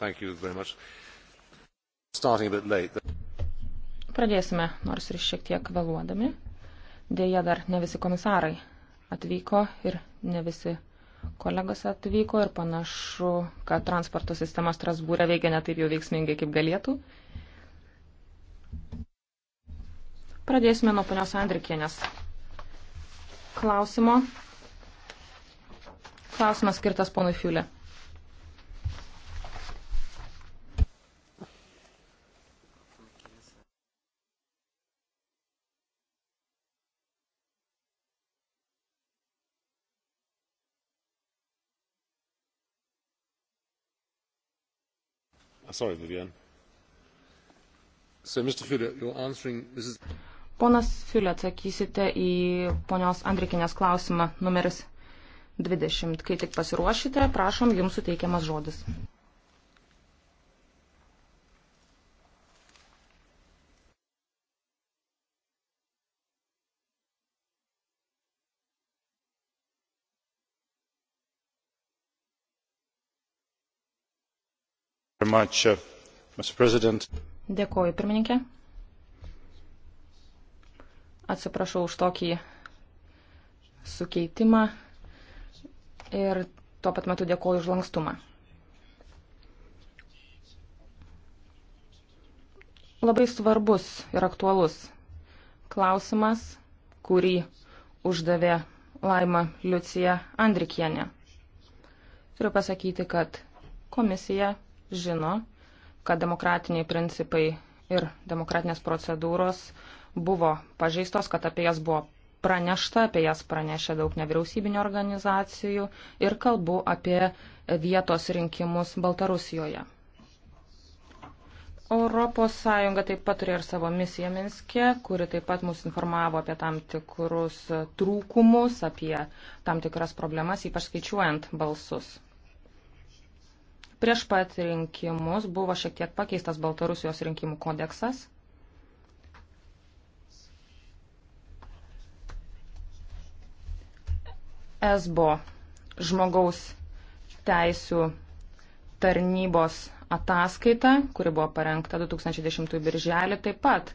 Thank you very much. Starting a bit late. Pradėsime, nors ir šiek tiek vėluodami. Dėja, dar ne visi komisarai atvyko ir ne visi kolegos atvyko ir panašu, kad transporto sistema Strasbūrė veikia ne taip jau veiksmingai, kaip galėtų. Pradėsime nuo ponios Andrikienės klausimo. Klausimas skirtas ponui Fiulė. Ah, sorry, Vivian. So, Mr. Fuller, you're answering Mrs. Ponas Fiulė, atsakysite į ponios Andrikinės klausimą numeris 20. Kai tik pasiruošite, prašom, jums suteikiamas žodis. much, uh, Dėkoju, pirmininkė. Atsiprašau už tokį sukeitimą ir tuo pat metu dėkoju už lankstumą. Labai svarbus ir aktualus klausimas, kurį uždavė Laima Liucija Andrikienė. Turiu pasakyti, kad komisija žino, kad demokratiniai principai ir demokratinės procedūros buvo pažeistos, kad apie jas buvo pranešta, apie jas pranešė daug nevyriausybinio organizacijų ir kalbu apie vietos rinkimus Baltarusijoje. Europos Sąjunga taip pat turėjo ir savo misiją Minske, kuri taip pat mus informavo apie tam tikrus trūkumus, apie tam tikras problemas, ypač skaičiuojant balsus. Prieš pat rinkimus buvo šiek tiek pakeistas Baltarusijos rinkimų kodeksas. ESBO žmogaus teisų tarnybos ataskaita, kuri buvo parengta 2010 birželį, taip pat e,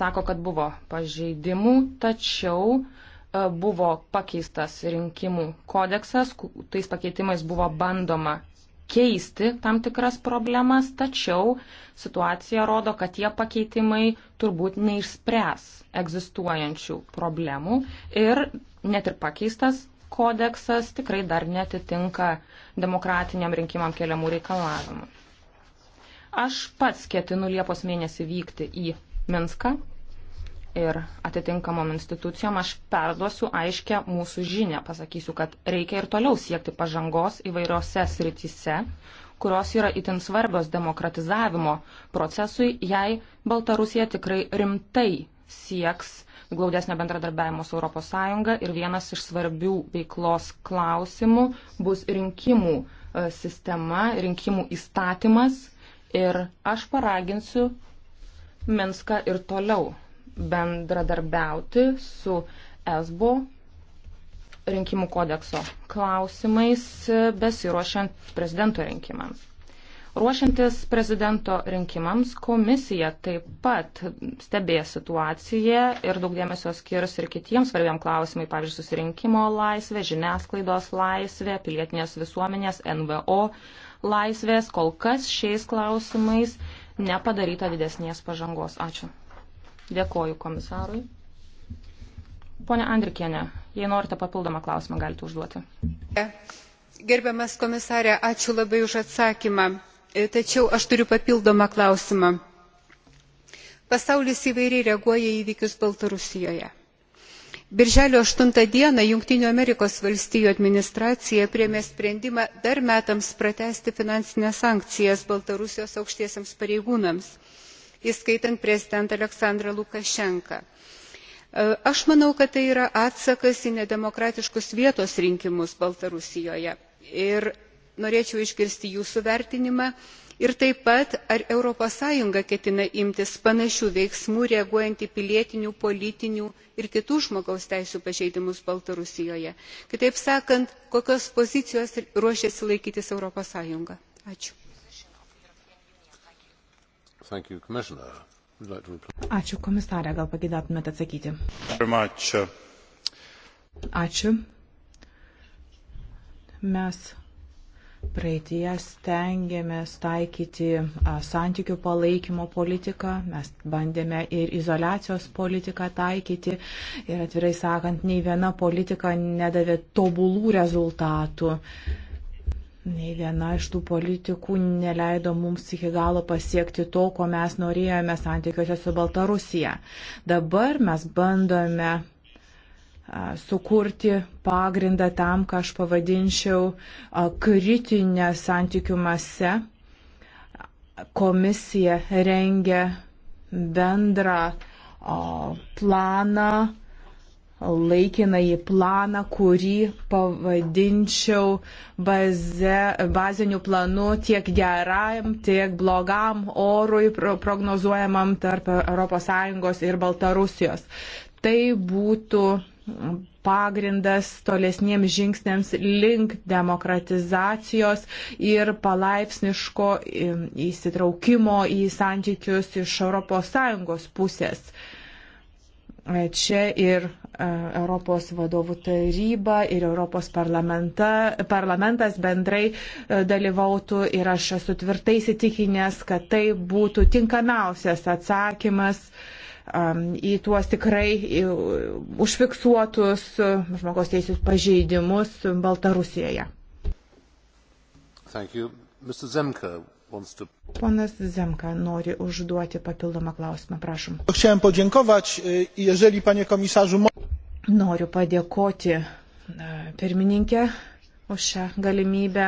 sako, kad buvo pažeidimų, tačiau e, buvo pakeistas rinkimų kodeksas, tais pakeitimais buvo bandoma keisti tam tikras problemas, tačiau situacija rodo, kad tie pakeitimai turbūt neišspręs egzistuojančių problemų ir net ir pakeistas kodeksas tikrai dar netitinka demokratiniam rinkimam keliamų reikalavimų. Aš pats ketinu Liepos mėnesį vykti į Minską ir atitinkamom institucijom aš perduosiu aiškę mūsų žinę. Pasakysiu, kad reikia ir toliau siekti pažangos įvairiose srityse, kurios yra itin svarbios demokratizavimo procesui, jei Baltarusija tikrai rimtai sieks glaudesnio bendradarbiavimo su ES ir vienas iš svarbių veiklos klausimų bus rinkimų e, sistema, rinkimų įstatymas ir aš paraginsiu Minską ir toliau bendradarbiauti su ESBO rinkimų kodekso klausimais besiruošiant prezidento rinkimams. Ruošiantis prezidento rinkimams, komisija taip pat stebės situaciją ir daug dėmesio skirs ir kitiems svarbiam klausimai, pavyzdžiui, susirinkimo laisvė, žiniasklaidos laisvė, pilietinės visuomenės, NVO laisvės. Kol kas šiais klausimais nepadaryta didesnės pažangos. Ačiū. Dėkoju komisarui. Pone Andrikienė, jei norite papildomą klausimą, galite užduoti. Gerbiamas komisarė, ačiū labai už atsakymą. E, tačiau aš turiu papildomą klausimą. Pasaulis įvairiai reaguoja į įvykius Baltarusijoje birželio aštuntą dieną jungtinių amerikos valstijų administracija priėmė sprendimą dar metams pratęsti finansines sankcijas baltarusijos aukštiesiems pareigūnams įskaitant prezidentą Aleksandrą Lukašenką. E, aš manau, kad tai yra atsakas į nedemokratiškus vietos rinkimus Baltarusijoje. Ir norėčiau išgirsti jūsų vertinimą ir taip pat ar europos sąjunga ketina imtis panašių veiksmų reaguojant į pilietinių politinių ir kitų žmogaus teisių pažeidimus baltarusijoje kitaip sakant kokios pozicijos ruošiasi laikytis europos sąjunga ačiū Ačiū komisarė, gal pagėdėtumėte atsakyti. Uh, Ačiū. Mes praeitie stengiamės taikyti santykių palaikymo politiką, mes bandėme ir izolacijos politiką taikyti ir atvirai sakant, nei viena politika nedavė tobulų rezultatų. Nei viena iš tų politikų neleido mums iki galo pasiekti to, ko mes norėjome santykiuose su Baltarusija. Dabar mes bandome sukurti pagrindą tam, ką aš pavadinčiau kritinę santykių mase. Komisija rengia bendrą planą laikinąjį planą, kurį pavadinčiau baze, baziniu planu tiek geram, tiek blogam orui prognozuojamam tarp ES ir Baltarusijos. Tai būtų pagrindas tolesniems žingsniams link demokratizacijos ir palaipsniško įsitraukimo į santykius iš ES pusės. Čia ir e, Europos vadovų taryba, ir Europos parlamentas bendrai e, dalyvautų ir aš esu tvirtai įsitikinęs, kad tai būtų tinkamiausias atsakymas į tuos tikrai užfiksuotus e, žmogaus teisės pažeidimus Baltarusijoje. Thank you. Mr. Zemke, to... Ponas Zemka nori užduoti papildomą klausimą, prašom. Chciałem podziękować, jeżeli panie komisarzu. Noriu padėkoti e, pirmininkė už šią galimybę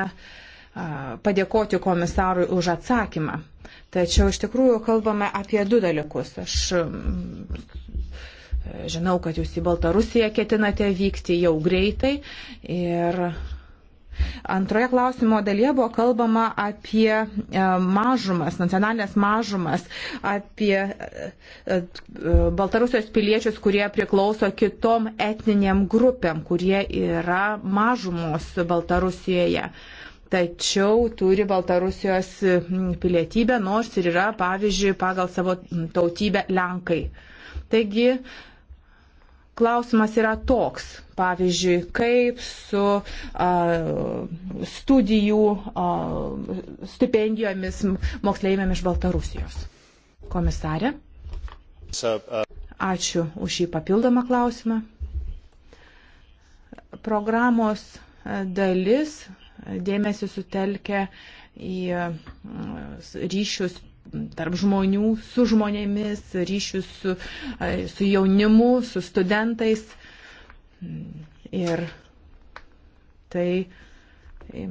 padėkoti komisarui už atsakymą. Tačiau iš tikrųjų kalbame apie du dalykus. Aš žinau, kad jūs į Baltarusiją ketinate vykti jau greitai ir Antroje klausimo dalyje buvo kalbama apie e, mažumas, nacionalinės mažumas, apie e, e, Baltarusijos piliečius, kurie priklauso kitom etniniam grupėm, kurie yra mažumos Baltarusijoje. Tačiau turi Baltarusijos pilietybę, nors ir yra, pavyzdžiui, pagal savo tautybę Lenkai. Taigi klausimas yra toks, pavyzdžiui, kaip su a, studijų a, stipendijomis moksleivėm iš Baltarusijos. Komisarė. Ačiū už šį papildomą klausimą. Programos dalis dėmesį sutelkia į ryšius tarp žmonių, su žmonėmis, ryšius su, su jaunimu, su studentais. Ir tai,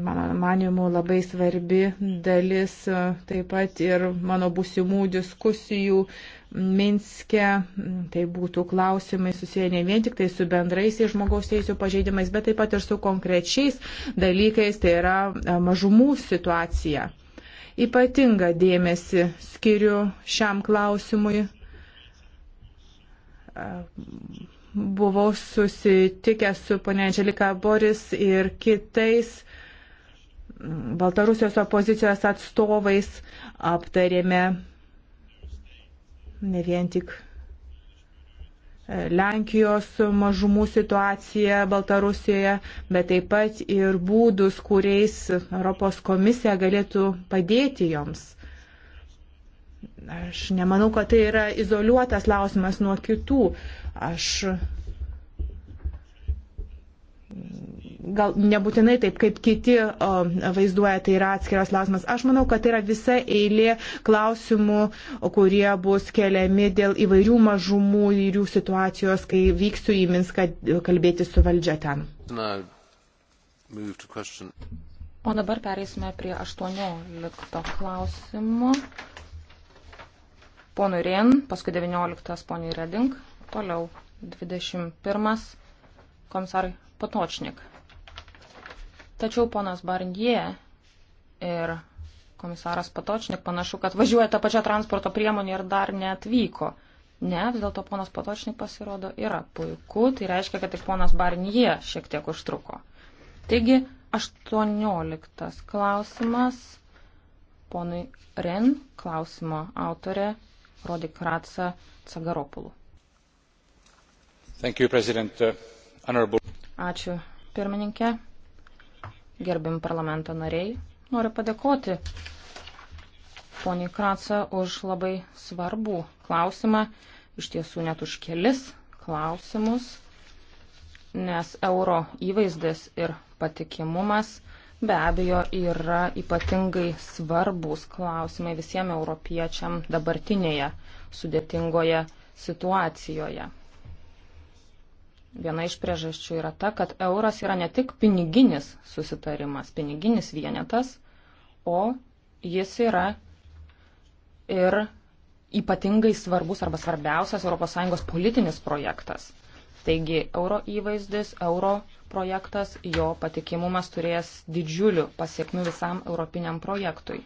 mano manimu, labai svarbi dalis taip pat ir mano būsimų diskusijų Minske. Tai būtų klausimai susiję ne vien tik tai su bendraisiais žmogaus teisų pažeidimais, bet taip pat ir su konkrečiais dalykais, tai yra mažumų situacija. Ypatingą dėmesį skiriu šiam klausimui. Buvau susitikęs su ponia Angelika Boris ir kitais Baltarusijos opozicijos atstovais, aptarėme ne vien tik E, Lenkijos mažumų situaciją Baltarusijoje, bet taip pat ir būdus, kuriais Europos komisija galėtų padėti joms. Aš nemanau, kad tai yra izoliuotas klausimas nuo kitų. Aš gal nebūtinai taip, kaip kiti o, vaizduoja, tai yra atskiras klausimas. Aš manau, kad tai yra visa eilė klausimų, kurie bus keliami dėl įvairių mažumų ir jų situacijos, kai vyksiu į Minską kalbėti su valdžia ten. O dabar pereisime prie 18 klausimo. Ponui Rien, paskui 19 poniai Reding, toliau 21 komisarai Potočnik. Tačiau ponas Barnie ir komisaras Patočnik panašu, kad važiuoja tą pačią transporto priemonę ir dar neatvyko. Ne, vis dėlto ponas Patočnik pasirodo yra puiku, tai reiškia, kad tik ponas Barnie šiek tiek užtruko. Taigi, 18 klausimas. Ponui Ren klausimo autorė Rodi Kratsa Cagaropulų. Uh, Ačiū, pirmininkė gerbim parlamento nariai. Noriu padėkoti poniai Kratsa už labai svarbų klausimą, iš tiesų net už kelis klausimus, nes euro įvaizdis ir patikimumas be abejo yra ypatingai svarbus klausimai visiems europiečiam dabartinėje sudėtingoje situacijoje. Viena iš priežasčių yra ta, kad euras yra ne tik piniginis susitarimas, piniginis vienetas, o jis yra ir ypatingai svarbus arba svarbiausias ES politinis projektas. Taigi euro įvaizdis, euro projektas, jo patikimumas turės didžiulių pasiekmių visam europiniam projektui.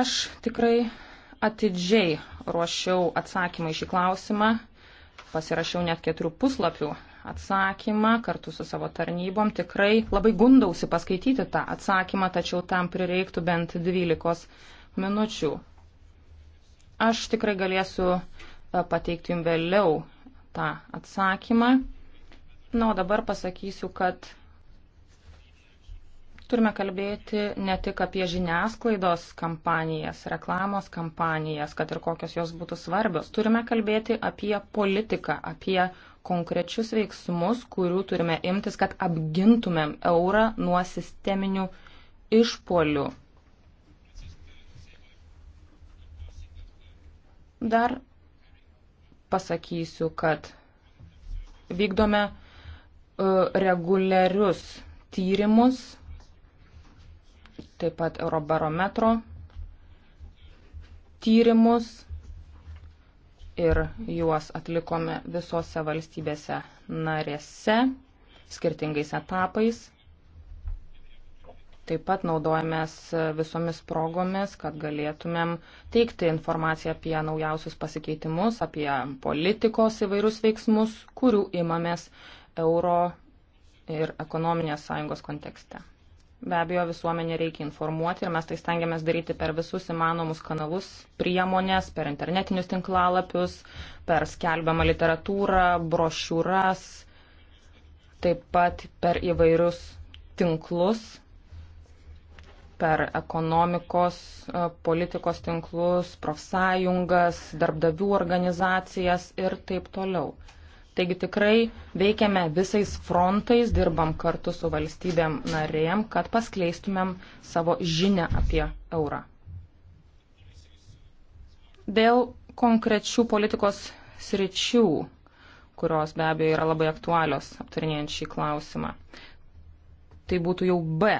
Aš tikrai atidžiai ruošiau atsakymą į šį klausimą, pasirašiau net keturių puslapių atsakymą kartu su savo tarnybom. Tikrai labai gundausi paskaityti tą atsakymą, tačiau tam prireiktų bent 12 minučių. Aš tikrai galėsiu e, pateikti jums vėliau tą atsakymą. Na, o dabar pasakysiu, kad Turime kalbėti ne tik apie žiniasklaidos kampanijas, reklamos kampanijas, kad ir kokios jos būtų svarbios. Turime kalbėti apie politiką, apie konkrečius veiksmus, kurių turime imtis, kad apgintumėm eurą nuo sisteminių išpolių. Dar pasakysiu, kad vykdome e, reguliarius tyrimus taip pat Eurobarometro tyrimus ir juos atlikome visose valstybėse narėse skirtingais etapais. Taip pat naudojamės visomis progomis, kad galėtumėm teikti informaciją apie naujausius pasikeitimus, apie politikos įvairius veiksmus, kurių imamės euro ir ekonominės sąjungos kontekste. Be abejo, visuomenė reikia informuoti ir mes tai stengiamės daryti per visus įmanomus kanalus, priemonės, per internetinius tinklalapius, per skelbiamą literatūrą, brošiūras, taip pat per įvairius tinklus, per ekonomikos, e, politikos tinklus, profsąjungas, darbdavių organizacijas ir taip toliau. Taigi tikrai veikiame visais frontais, dirbam kartu su valstybėm narėm, kad paskleistumėm savo žinę apie eurą. Dėl konkrečių politikos sričių, kurios be abejo yra labai aktualios aptarinėjant šį klausimą. Tai būtų jau B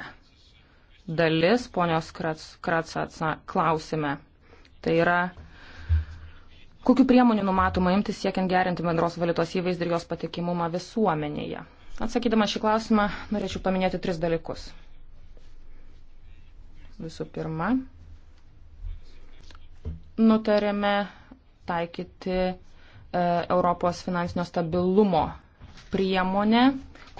dalis ponios Kratsa klausime. Tai yra Kokiu priemonių numatoma imtis siekiant gerinti bendros valiutos įvaizdį ir jos patikimumą visuomenėje? Atsakydama šį klausimą, norėčiau paminėti tris dalykus. Visų pirma, nutarėme taikyti e, Europos finansinio stabilumo priemonę,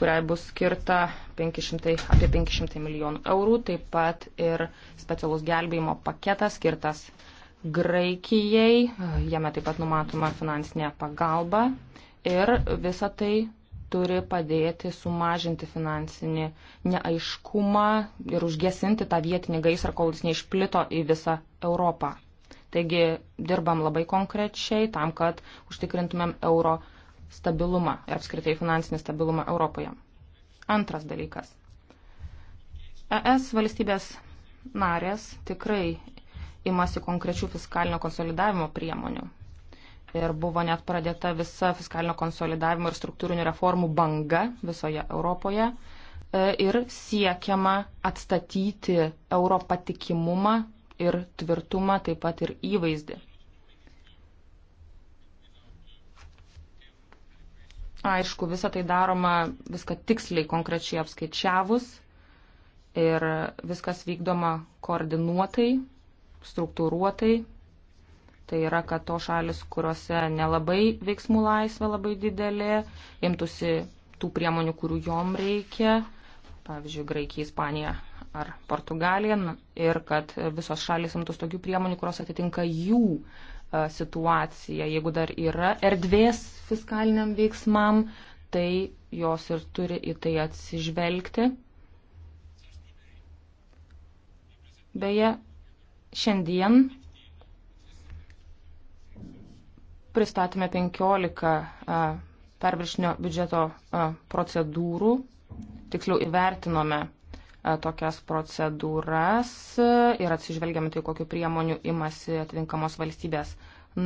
kuriai bus skirta 500, apie 500 milijonų eurų, taip pat ir specialus gelbėjimo paketas skirtas Graikijai, jame taip pat numatoma finansinė pagalba ir visa tai turi padėti sumažinti finansinį neaiškumą ir užgesinti tą vietinį gaisrą, kol jis neišplito į visą Europą. Taigi dirbam labai konkrečiai tam, kad užtikrintumėm euro stabilumą ir apskritai finansinį stabilumą Europoje. Antras dalykas. ES valstybės narės tikrai imasi konkrečių fiskalinio konsolidavimo priemonių. Ir buvo net pradėta visa fiskalinio konsolidavimo ir struktūrinių reformų banga visoje Europoje. E, ir siekiama atstatyti euro patikimumą ir tvirtumą, taip pat ir įvaizdį. Aišku, visą tai daroma, viską tiksliai, konkrečiai apskaičiavus ir viskas vykdoma koordinuotai struktūruotai. Tai yra, kad to šalis, kuriuose nelabai veiksmų laisvė labai didelė, imtųsi tų priemonių, kurių jom reikia, pavyzdžiui, Graikija, Ispanija ar Portugalija, ir kad visos šalis imtųsi tokių priemonių, kurios atitinka jų e, situaciją. Jeigu dar yra erdvės fiskaliniam veiksmam, tai jos ir turi į tai atsižvelgti. Beje, Šiandien pristatėme 15 perviršinio biudžeto procedūrų, tiksliau įvertinome tokias procedūras ir atsižvelgiame tai, kokiu priemonių imasi atitinkamos valstybės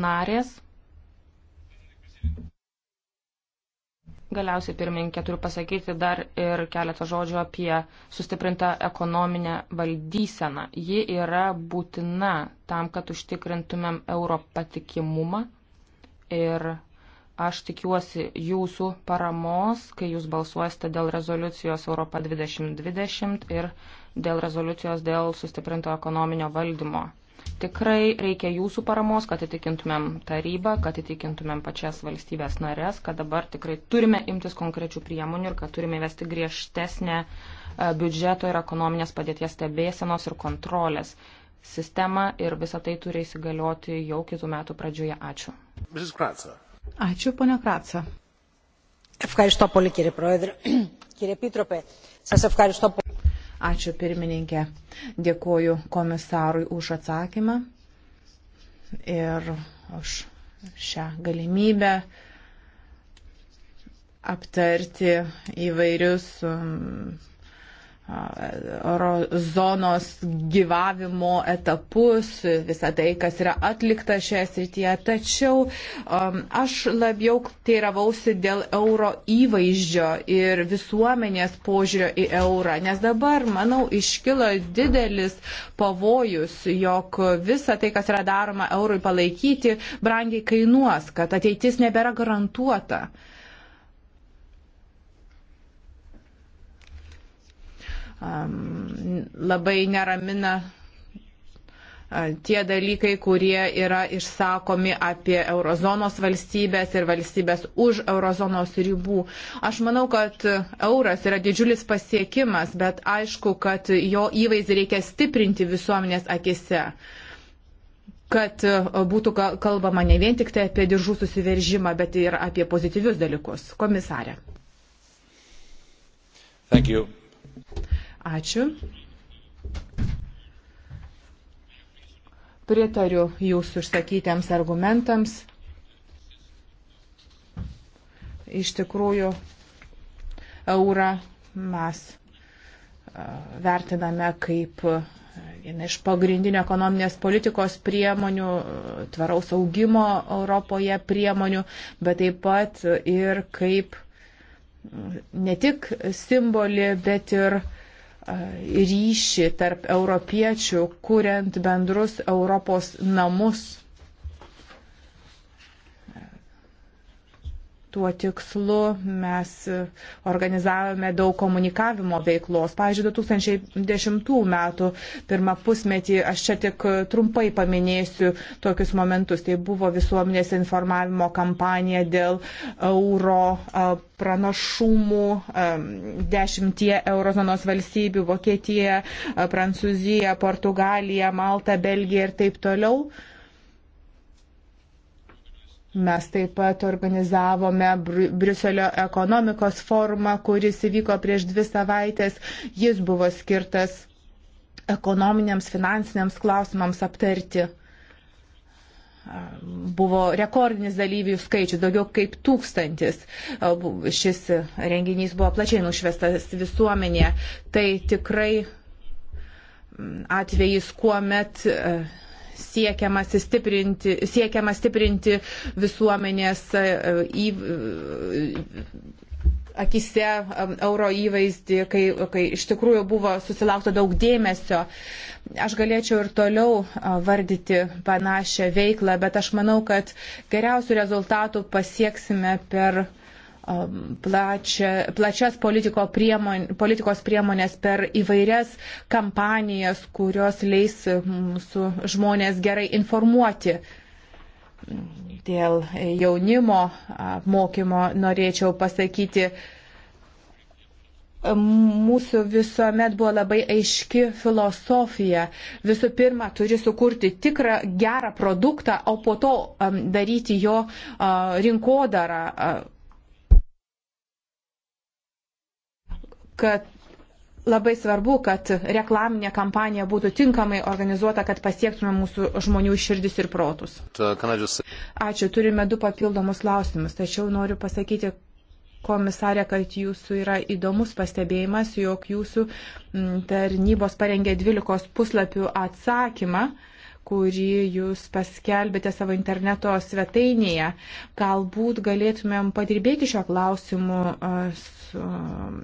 narės. Galiausiai, pirmininkė, turiu pasakyti dar ir keletą žodžių apie sustiprintą ekonominę valdyseną. Ji yra būtina tam, kad užtikrintumėm euro patikimumą. Ir aš tikiuosi jūsų paramos, kai jūs balsuosite dėl rezoliucijos Europa 2020 ir dėl rezoliucijos dėl sustiprinto ekonominio valdymo. Tikrai reikia jūsų paramos, kad įtikintumėm tarybą, kad įtikintumėm pačias valstybės narės, kad dabar tikrai turime imtis konkrečių priemonių ir kad turime vesti griežtesnę e, biudžeto ir ekonominės padėties stebėsenos ir kontrolės sistemą ir visą tai turi įsigalioti jau kitų metų pradžioje. Ačiū. Ačiū, ponia Kratsa. Ευχαριστώ πολύ κύριε Πρόεδρε. Κύριε Επίτροπε, σας ευχαριστώ πολύ. Ačiū pirmininkė. Dėkoju komisarui už atsakymą ir už šią galimybę aptarti įvairius um, eurozonos gyvavimo etapus, visą tai, kas yra atlikta šioje srityje. Tačiau um, aš labiau teiravausi dėl euro įvaizdžio ir visuomenės požiūrio į eurą, nes dabar, manau, iškilo didelis pavojus, jog visa tai, kas yra daroma eurui palaikyti, brangiai kainuos, kad ateitis nebėra garantuota. labai neramina tie dalykai, kurie yra išsakomi apie eurozonos valstybės ir valstybės už eurozonos ribų. Aš manau, kad euras yra didžiulis pasiekimas, bet aišku, kad jo įvaizdį reikia stiprinti visuomenės akise kad būtų kalbama ne vien tik tai apie diržų susiveržimą, bet ir apie pozityvius dalykus. Komisarė. Thank you. Ačiū. Pritariu jūsų išsakytiems argumentams. Iš tikrųjų, eurą mes vertiname kaip viena iš pagrindinių ekonominės politikos priemonių, tvaraus augimo Europoje priemonių, bet taip pat ir kaip ne tik simbolį, bet ir uh, ryšį tarp europiečių, kuriant bendrus Europos namus Tuo tikslu mes organizavome daug komunikavimo veiklos. Pavyzdžiui, 2010 metų pirmą pusmetį, aš čia tik trumpai paminėsiu tokius momentus, tai buvo visuomenės informavimo kampanija dėl euro pranašumų dešimtie eurozonos valstybių - Vokietija, Prancūzija, Portugalija, Malta, Belgija ir taip toliau. Mes taip pat organizavome Briuselio ekonomikos forumą, kuris įvyko prieš dvi savaitės. Jis buvo skirtas ekonominiams, finansiniams klausimams aptarti. Buvo rekordinis dalyvių skaičius, daugiau kaip tūkstantis. Šis renginys buvo plačiai nušvestas visuomenėje. Tai tikrai atvejis, kuomet. Uh, siekiama stiprinti, siekiama stiprinti visuomenės e, į, e, akise e, euro įvaizdį, kai, kai iš tikrųjų buvo susilaukta daug dėmesio. Aš galėčiau ir toliau vardyti panašią veiklą, bet aš manau, kad geriausių rezultatų pasieksime per uh, Um, plačia, plačias politiko priemon, politikos priemonės per įvairias kampanijas, kurios leis mm, mūsų žmonės gerai informuoti. Dėl jaunimo apmokymo norėčiau pasakyti, mūsų visuomet buvo labai aiški filosofija. Visų pirma, turi sukurti tikrą gerą produktą, o po to um, daryti jo uh, rinkodarą. Uh, kad labai svarbu, kad reklaminė kampanija būtų tinkamai organizuota, kad pasiektume mūsų žmonių širdis ir protus. Ačiū, turime du papildomus klausimus, tačiau noriu pasakyti, komisarė, kad jūsų yra įdomus pastebėjimas, jog jūsų tarnybos parengė 12 puslapių atsakymą kurį jūs paskelbėte savo interneto svetainėje. Galbūt galėtumėm padirbėti šio klausimu Um,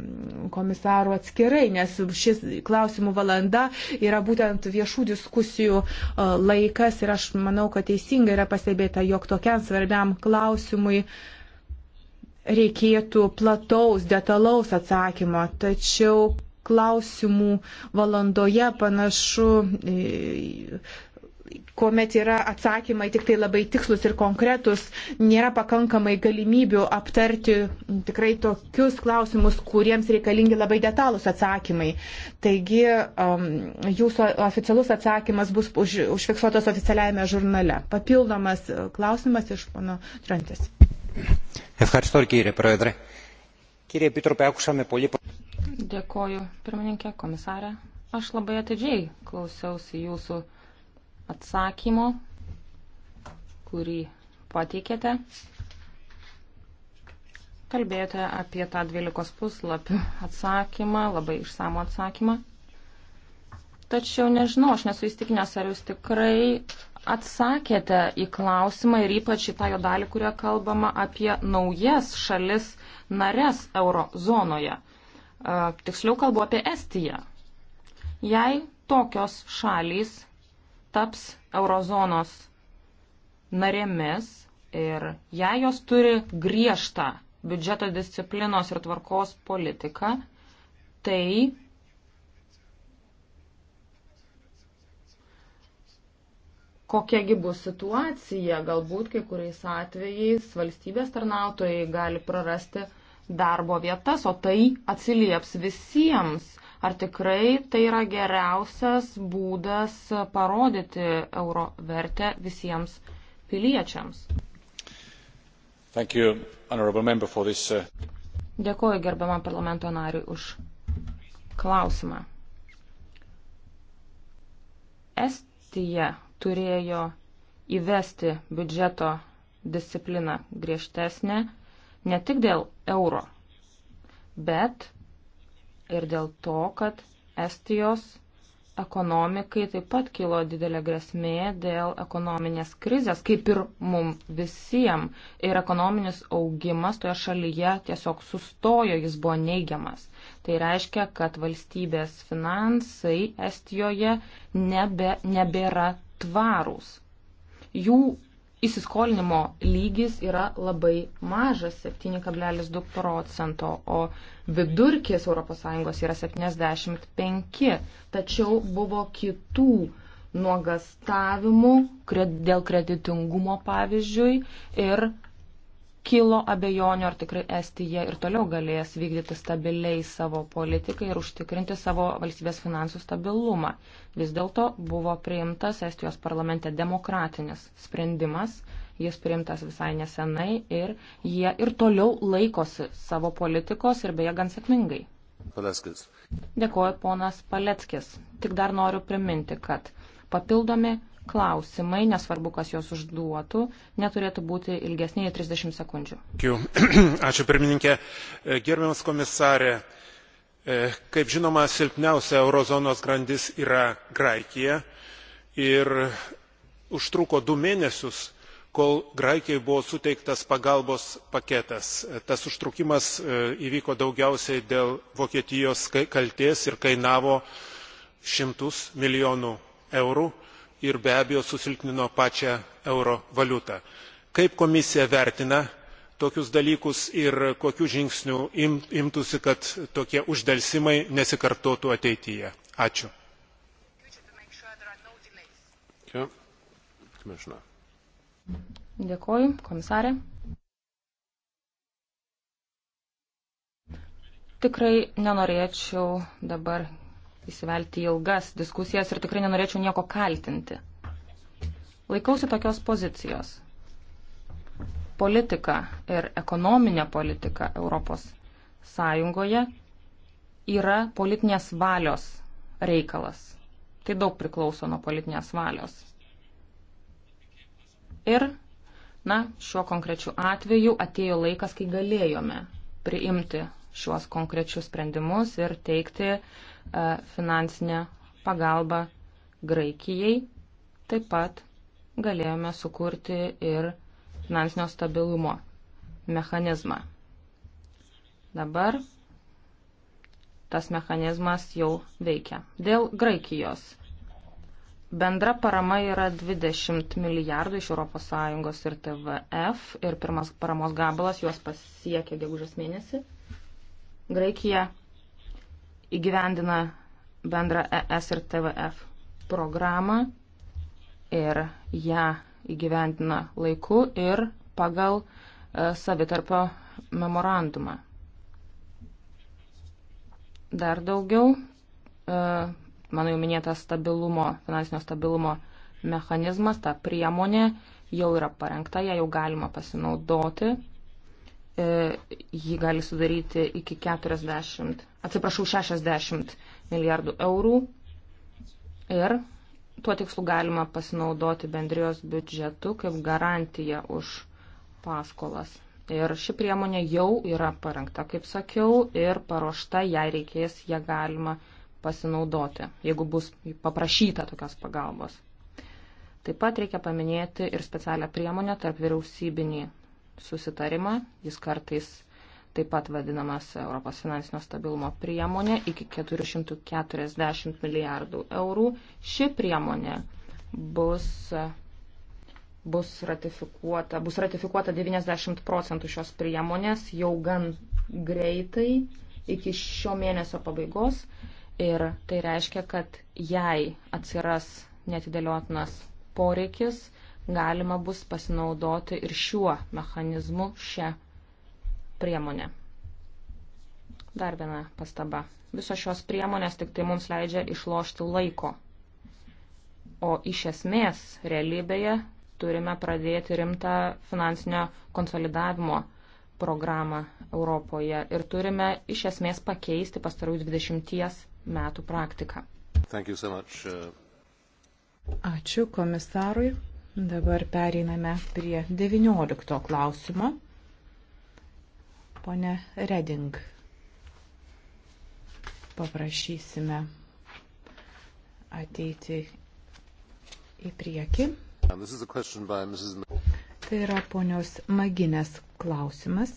komisaru atskirai, nes šis klausimų valanda yra būtent viešų diskusijų uh, laikas ir aš manau, kad teisingai yra pastebėta, jog tokiam svarbiam klausimui reikėtų plataus, detalaus atsakymo. Tačiau klausimų valandoje panašu kuomet yra atsakymai tik tai labai tikslus ir konkretus, nėra pakankamai galimybių aptarti tikrai tokius klausimus, kuriems reikalingi labai detalus atsakymai. Taigi um, jūsų oficialus atsakymas bus už, užfiksuotas oficialiajame žurnale. Papildomas uh, klausimas iš pono Trantės. Dėkoju, pirmininkė, komisarė. Aš labai atidžiai klausiausi jūsų atsakymo, kurį pateikėte. Kalbėjote apie tą 12 puslapių atsakymą, labai išsamų atsakymą. Tačiau nežinau, aš nesu įstikinęs, ar jūs tikrai atsakėte į klausimą ir ypač į tą jo dalį, kurioje kalbama apie naujas šalis narės eurozonoje. Tiksliau kalbu apie Estiją. Jei tokios šalys taps eurozonos narėmis ir jei jos turi griežtą biudžeto disciplinos ir tvarkos politiką, tai kokiagi bus situacija, galbūt kai kuriais atvejais valstybės tarnautojai gali prarasti darbo vietas, o tai atsilieps visiems Ar tikrai tai yra geriausias būdas parodyti euro vertę visiems piliečiams? Thank you, member, for this, uh... Dėkuoju gerbiamam parlamento nariui už klausimą. Estija turėjo įvesti biudžeto discipliną griežtesnę ne tik dėl euro, bet ir dėl to, kad Estijos ekonomikai taip pat kilo didelė grėsmė dėl ekonominės krizės, kaip ir mum visiems. Ir ekonominis augimas toje šalyje tiesiog sustojo, jis buvo neigiamas. Tai reiškia, kad valstybės finansai Estijoje nebe, nebėra tvarūs. Jų įsiskolinimo lygis yra labai mažas - 7,2 procento, o vidurkis ES yra 75. Tačiau buvo kitų nuogastavimų dėl kreditingumo pavyzdžiui ir kilo abejonių, ar tikrai Estija ir toliau galės vykdyti stabiliai savo politiką ir užtikrinti savo valstybės finansų stabilumą. Vis dėlto buvo priimtas Estijos parlamente demokratinis sprendimas, jis priimtas visai nesenai ir jie ir toliau laikosi savo politikos ir beje gan sėkmingai. Paleckis. Dėkuoju, ponas Paleckis. Tik dar noriu priminti, kad papildomi klausimai, nesvarbu, kas juos užduotų, neturėtų būti ilgesnė nei 30 sekundžių. Ačiū pirmininkė. E, gerbiamas komisarė, e, kaip žinoma, silpniausia eurozonos grandis yra Graikija ir užtruko du mėnesius kol graikijai buvo suteiktas pagalbos paketas. E, tas užtrukimas įvyko daugiausiai dėl vokietijos kaltės ir kainavo šimtus milijonų eurų ir be abejo susilpnino pačią euro valiutą. Kaip komisija vertina tokius dalykus ir kokių žingsnių imtųsi, kad tokie uždelsimai nesikartotų ateityje? Ačiū. Dėkoju, komisarė. Tikrai nenorėčiau dabar įsivelti į ilgas diskusijas ir tikrai nenorėčiau nieko kaltinti. Laikausi tokios pozicijos. Politika ir ekonominė politika Europos Sąjungoje yra politinės valios reikalas. Tai daug priklauso nuo politinės valios. Ir, na, šiuo konkrečiu atveju atėjo laikas, kai galėjome priimti šiuos konkrečius sprendimus ir teikti E, finansinę pagalbą Graikijai. Taip pat galėjome sukurti ir finansinio stabilumo mechanizmą. Dabar tas mechanizmas jau veikia. Dėl Graikijos. Bendra parama yra 20 milijardų iš ES ir TVF ir pirmas paramos gabalas juos pasiekia gegužės mėnesį. Graikija įgyvendina bendrą ES ir TVF programą ir ją įgyvendina laiku ir pagal e, savitarpio memorandumą. Dar daugiau, e, mano jau minėtas stabilumo, finansinio stabilumo mechanizmas, ta priemonė jau yra parengta, ją jau galima pasinaudoti E, jį gali sudaryti iki 40, atsiprašau, 60 milijardų eurų ir tuo tikslu galima pasinaudoti bendrijos biudžetu kaip garantiją už paskolas. Ir ši priemonė jau yra parengta, kaip sakiau, ir paruošta, jei reikės, ją galima pasinaudoti, jeigu bus paprašyta tokios pagalbos. Taip pat reikia paminėti ir specialią priemonę tarp vyriausybinį susitarimą, jis kartais taip pat vadinamas Europos finansinio stabilumo priemonė iki 440 milijardų eurų. Ši priemonė bus, bus, ratifikuota, bus ratifikuota 90 procentų šios priemonės jau gan greitai iki šio mėnesio pabaigos ir tai reiškia, kad jei atsiras netidėliotinas poreikis, galima bus pasinaudoti ir šiuo mechanizmu, šią priemonę. Dar viena pastaba. Visos šios priemonės tik tai mums leidžia išlošti laiko. O iš esmės realybėje turime pradėti rimtą finansinio konsolidavimo programą Europoje ir turime iš esmės pakeisti pastarųjų 20 metų praktiką. So much, uh... Ačiū komisarui. Dabar pereiname prie 19 klausimo. Pone Reding, paprašysime ateiti į priekį. Tai yra ponios Maginės klausimas.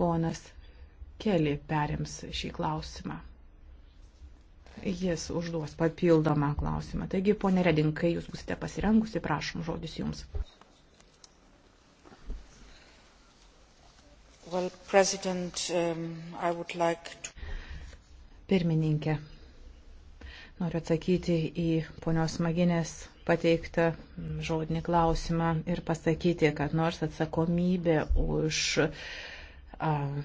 Ponas Keli perims šį klausimą. Jis užduos papildomą klausimą. Taigi, ponė Redinkai, jūs būsite pasirengusi, prašom, žodis jums. Well, um, like to... Pirmininkė, noriu atsakyti į ponios Maginės pateiktą žodinį klausimą ir pasakyti, kad nors atsakomybė už uh,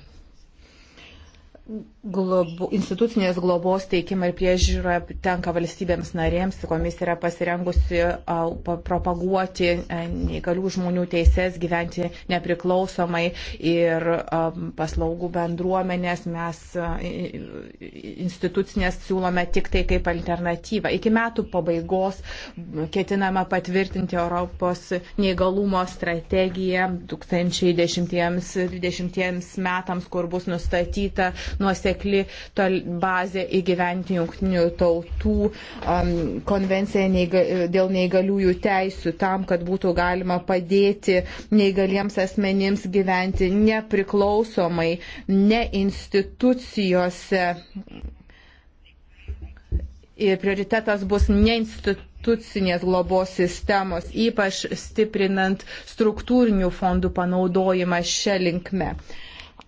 globo, institucinės globos teikimą ir priežiūrą tenka valstybėms narėms. Komisija yra pasirengusi propaguoti neįgalių žmonių teises, gyventi nepriklausomai ir paslaugų bendruomenės mes institucinės siūlome tik tai kaip alternatyvą. Iki metų pabaigos ketinama patvirtinti Europos neįgalumo strategiją 2010-2020 metams, kur bus nustatyta nuosekli bazė įgyventi jungtinių tautų um, konvenciją neįga, dėl neįgaliųjų teisių tam, kad būtų galima padėti neįgaliems asmenims gyventi nepriklausomai, ne institucijose. Ir prioritetas bus ne institucijose institucinės globos sistemos, ypač stiprinant struktūrinių fondų panaudojimą šią linkmę.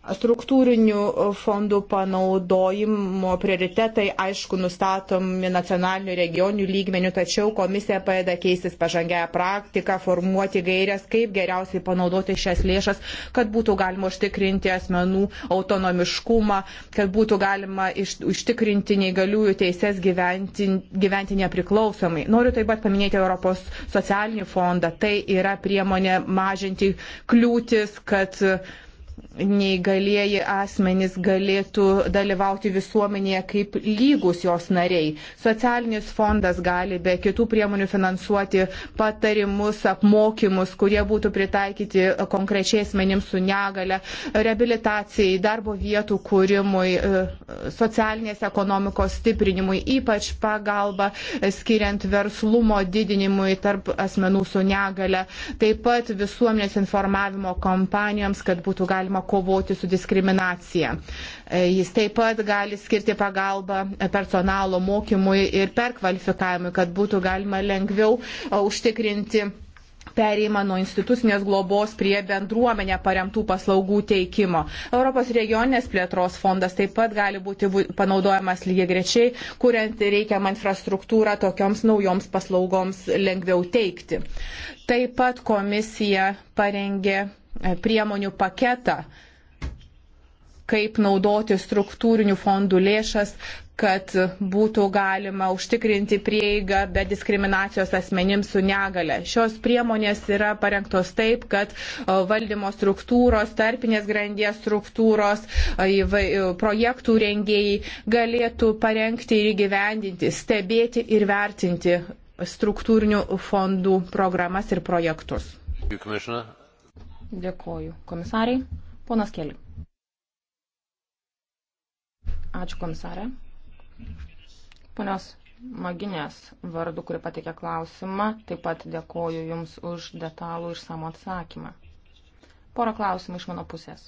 Struktūrinių fondų panaudojimo prioritetai, aišku, nustatomi nacionalinių regionių lygmenių, tačiau komisija padeda keistis pažangęją praktiką, formuoti gairias, kaip geriausiai panaudoti šias lėšas, kad būtų galima užtikrinti asmenų autonomiškumą, kad būtų galima iš, užtikrinti neįgaliųjų teises gyventi, gyventi nepriklausomai. Noriu taip pat paminėti Europos socialinį fondą. Tai yra priemonė mažinti kliūtis, kad neįgalieji asmenys galėtų dalyvauti visuomenėje kaip lygus jos nariai. Socialinis fondas gali be kitų priemonių finansuoti patarimus, apmokymus, kurie būtų pritaikyti konkrečiai asmenims su negale, rehabilitacijai, darbo vietų kūrimui, e, socialinės ekonomikos stiprinimui, ypač pagalba e, skiriant verslumo didinimui tarp asmenų su negale, taip pat visuomenės informavimo kompanijoms, kad būtų galima kovoti su diskriminacija. E, jis taip pat gali skirti pagalbą personalo mokymui ir perkvalifikavimui, kad būtų galima lengviau e, užtikrinti perėjimą nuo institucinės globos prie bendruomenę paremtų paslaugų teikimo. Europos regioninės plėtros fondas taip pat gali būti panaudojamas lygiai grečiai, kuriant reikiamą infrastruktūrą tokioms naujoms paslaugoms lengviau teikti. Taip pat komisija parengė priemonių paketą, kaip naudoti struktūrinių fondų lėšas, kad būtų galima užtikrinti prieigą be diskriminacijos asmenims su negale. Šios priemonės yra parengtos taip, kad e, valdymo struktūros, tarpinės grandies struktūros, e, e, projektų rengėjai galėtų parengti ir įgyvendinti, stebėti ir vertinti struktūrinių fondų programas ir projektus. You, Dėkoju komisarai. Ponas Keli. Ačiū komisarė. Ponios Maginės vardu, kuri patikė klausimą, taip pat dėkoju Jums už detalų išsamų atsakymą. Porą klausimų iš mano pusės.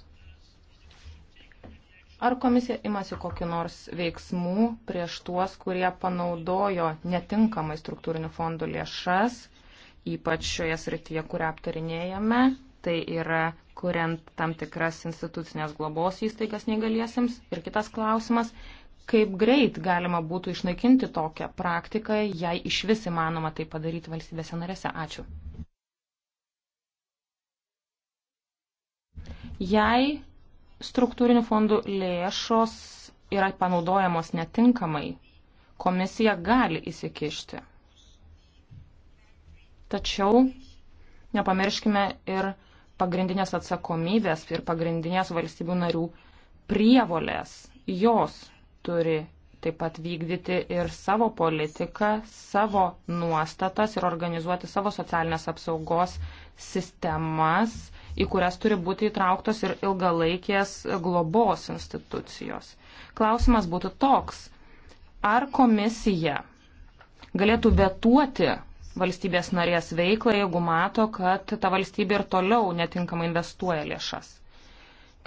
Ar komisija imasi kokiu nors veiksmų prieš tuos, kurie panaudojo netinkamai struktūrinių fondų lėšas, ypač šioje srityje, kurią aptarinėjame, tai yra kuriant tam tikras institucinės globos įstaigas negaliesiems. Ir kitas klausimas, kaip greit galima būtų išnaikinti tokią praktiką, jei iš vis įmanoma tai padaryti valstybėse narėse. Ačiū. Jei struktūrinių fondų lėšos yra panaudojamos netinkamai, komisija gali įsikišti. Tačiau nepamirškime ir pagrindinės atsakomybės ir pagrindinės valstybių narių prievolės. Jos turi taip pat vykdyti ir savo politiką, savo nuostatas ir organizuoti savo socialinės apsaugos sistemas, į kurias turi būti įtrauktos ir ilgalaikės globos institucijos. Klausimas būtų toks, ar komisija galėtų vetuoti valstybės narės veiklą, jeigu mato, kad ta valstybė ir toliau netinkamai investuoja lėšas.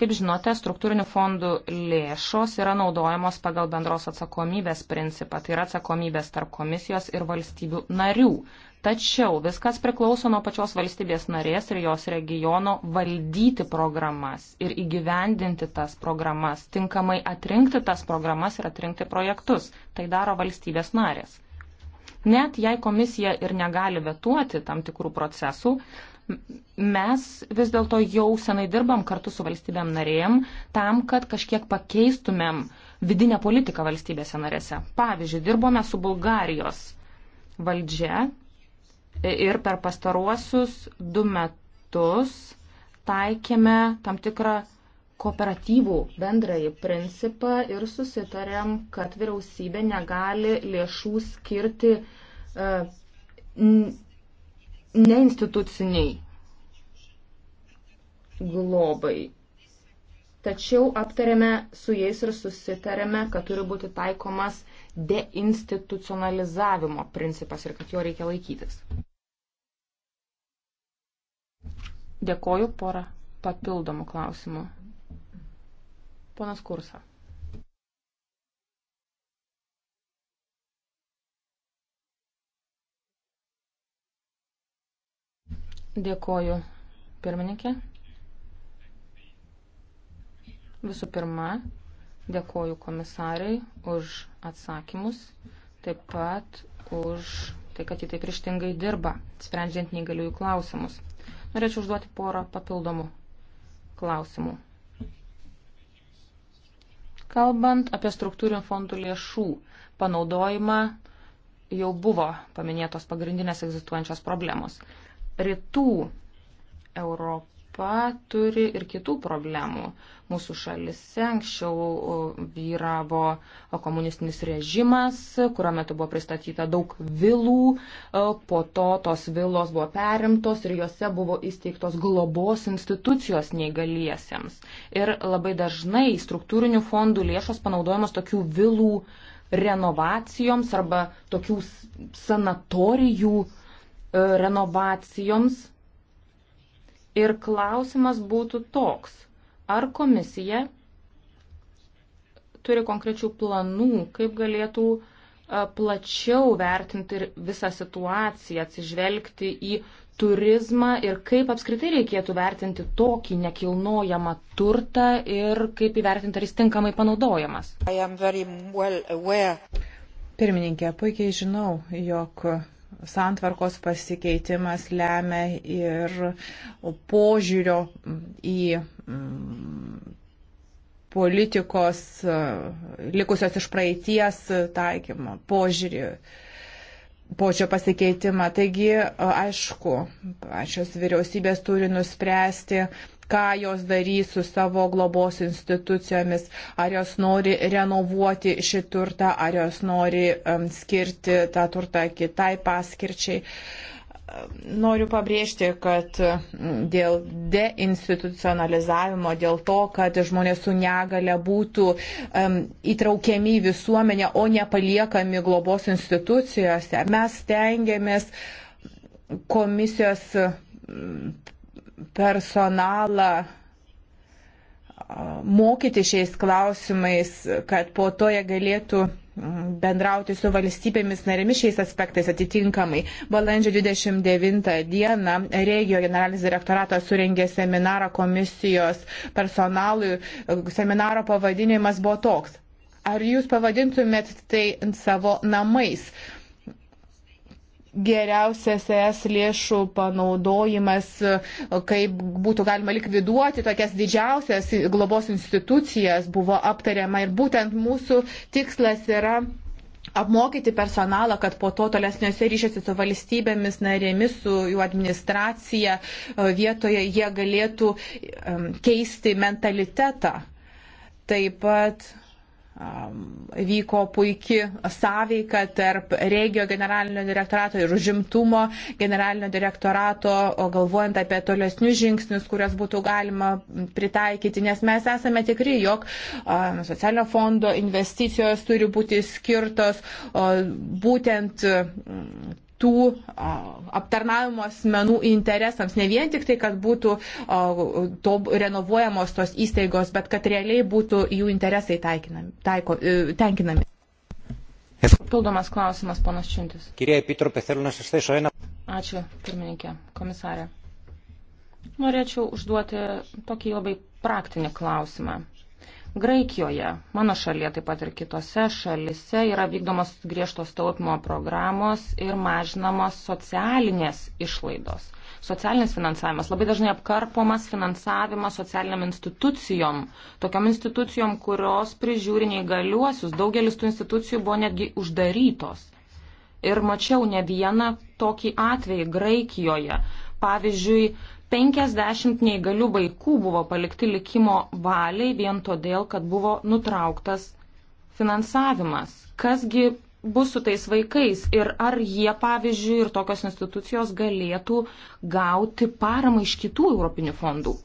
Kaip žinote, struktūrinių fondų lėšos yra naudojamos pagal bendros atsakomybės principą, tai yra atsakomybės tarp komisijos ir valstybių narių. Tačiau viskas priklauso nuo pačios valstybės narės ir jos regiono valdyti programas ir įgyvendinti tas programas, tinkamai atrinkti tas programas ir atrinkti projektus. Tai daro valstybės narės. Net jei komisija ir negali vetuoti tam tikrų procesų, mes vis dėlto jau senai dirbam kartu su valstybėm narėjim tam, kad kažkiek pakeistumėm vidinę politiką valstybėse narėse. Pavyzdžiui, dirbome su Bulgarijos valdžia ir per pastaruosius du metus taikėme tam tikrą kooperatyvų bendrąjį principą ir susitarėm, kad vyriausybė negali lėšų skirti e, neinstituciniai globai. Tačiau aptarėme su jais ir susitarėme, kad turi būti taikomas deinstitucionalizavimo principas ir kad jo reikia laikytis. Dėkoju porą papildomų klausimų. Ponas Kursa. Dėkoju, pirmininkė. Visų pirma, dėkoju komisariai už atsakymus, taip pat už tai, kad jį taip ryštingai dirba, sprendžiant neįgaliųjų klausimus. Norėčiau užduoti porą papildomų klausimų. Kalbant apie struktūrinių fondų lėšų panaudojimą, jau buvo paminėtos pagrindinės egzistuojančios problemos. Rytų Europos pat turi ir kitų problemų. Mūsų šalise anksčiau vyravo komunistinis režimas, kurio metu buvo pristatyta daug vilų, po to tos vilos buvo perimtos ir juose buvo įsteigtos globos institucijos neįgaliesiems. Ir labai dažnai struktūrinių fondų lėšos panaudojamos tokių vilų renovacijoms arba tokių sanatorijų e, renovacijoms Ir klausimas būtų toks, ar komisija turi konkrečių planų, kaip galėtų e, plačiau vertinti visą situaciją, atsižvelgti į turizmą ir kaip apskritai reikėtų vertinti tokį nekilnojamą turtą ir kaip įvertinti, ar jis tinkamai panaudojamas. Well aware. Pirmininkė, puikiai žinau, jog santvarkos pasikeitimas lemia ir požiūrio į mm, politikos likusios iš praeities taikymą, požiūrį, počio pasikeitimą. Taigi, aišku, pačios vyriausybės turi nuspręsti, ką jos darys su savo globos institucijomis, ar jos nori renovuoti šį turtą, ar jos nori um, skirti tą turtą kitai paskirčiai. Um, noriu pabrėžti, kad um, dėl deinstitucionalizavimo, dėl to, kad žmonės su negale būtų um, įtraukiami į visuomenę, o ne paliekami globos institucijose, mes tengiamės komisijos um, personalą mokyti šiais klausimais, kad po to jie galėtų mm, bendrauti su valstybėmis narėmis šiais aspektais atitinkamai. Balandžio 29 dieną Regio generalinis direktoratas suringė seminarą komisijos personalui. Seminaro pavadinimas buvo toks. Ar jūs pavadintumėt tai savo namais? Uh, geriausias ES lėšų panaudojimas, kaip būtų galima likviduoti tokias didžiausias globos institucijas, buvo aptariama ir būtent mūsų tikslas yra apmokyti personalą, kad po to tolesniuose ryšiuose su valstybėmis narėmis, su jų administracija e, vietoje jie galėtų keisti mentalitetą. Taip pat vyko puikia sąveika tarp regio generalinio direktorato ir užimtumo generalinio direktorato, galvojant apie tolesnius žingsnius, kurias būtų galima pritaikyti, nes mes esame tikri, jog socialinio fondo investicijos turi būti skirtos būtent tų aptarnavimo asmenų interesams. Ne vien tik tai, kad būtų to renovuojamos tos įstaigos, bet kad realiai būtų jų interesai taikinami, taiko, e, tenkinami. Pildomas klausimas, panas Čintis. Ačiū, pirmininkė, komisarė. Norėčiau užduoti tokį labai praktinį klausimą. Graikijoje, mano šalyje, taip pat ir kitose šalise yra vykdomos griežtos taupimo programos ir mažinamos socialinės išlaidos. Socialinis finansavimas labai dažnai apkarpomas finansavimas socialiniam institucijom, tokiam institucijom, kurios prižiūri neįgaliuosius. Daugelis tų institucijų buvo netgi uždarytos. Ir mačiau ne vieną tokį atvejį Graikijoje. Pavyzdžiui, 50 neįgalių vaikų buvo palikti likimo valiai vien todėl, kad buvo nutrauktas finansavimas. Kasgi bus su tais vaikais ir ar jie, pavyzdžiui, ir tokios institucijos galėtų gauti paramą iš kitų europinių fondų?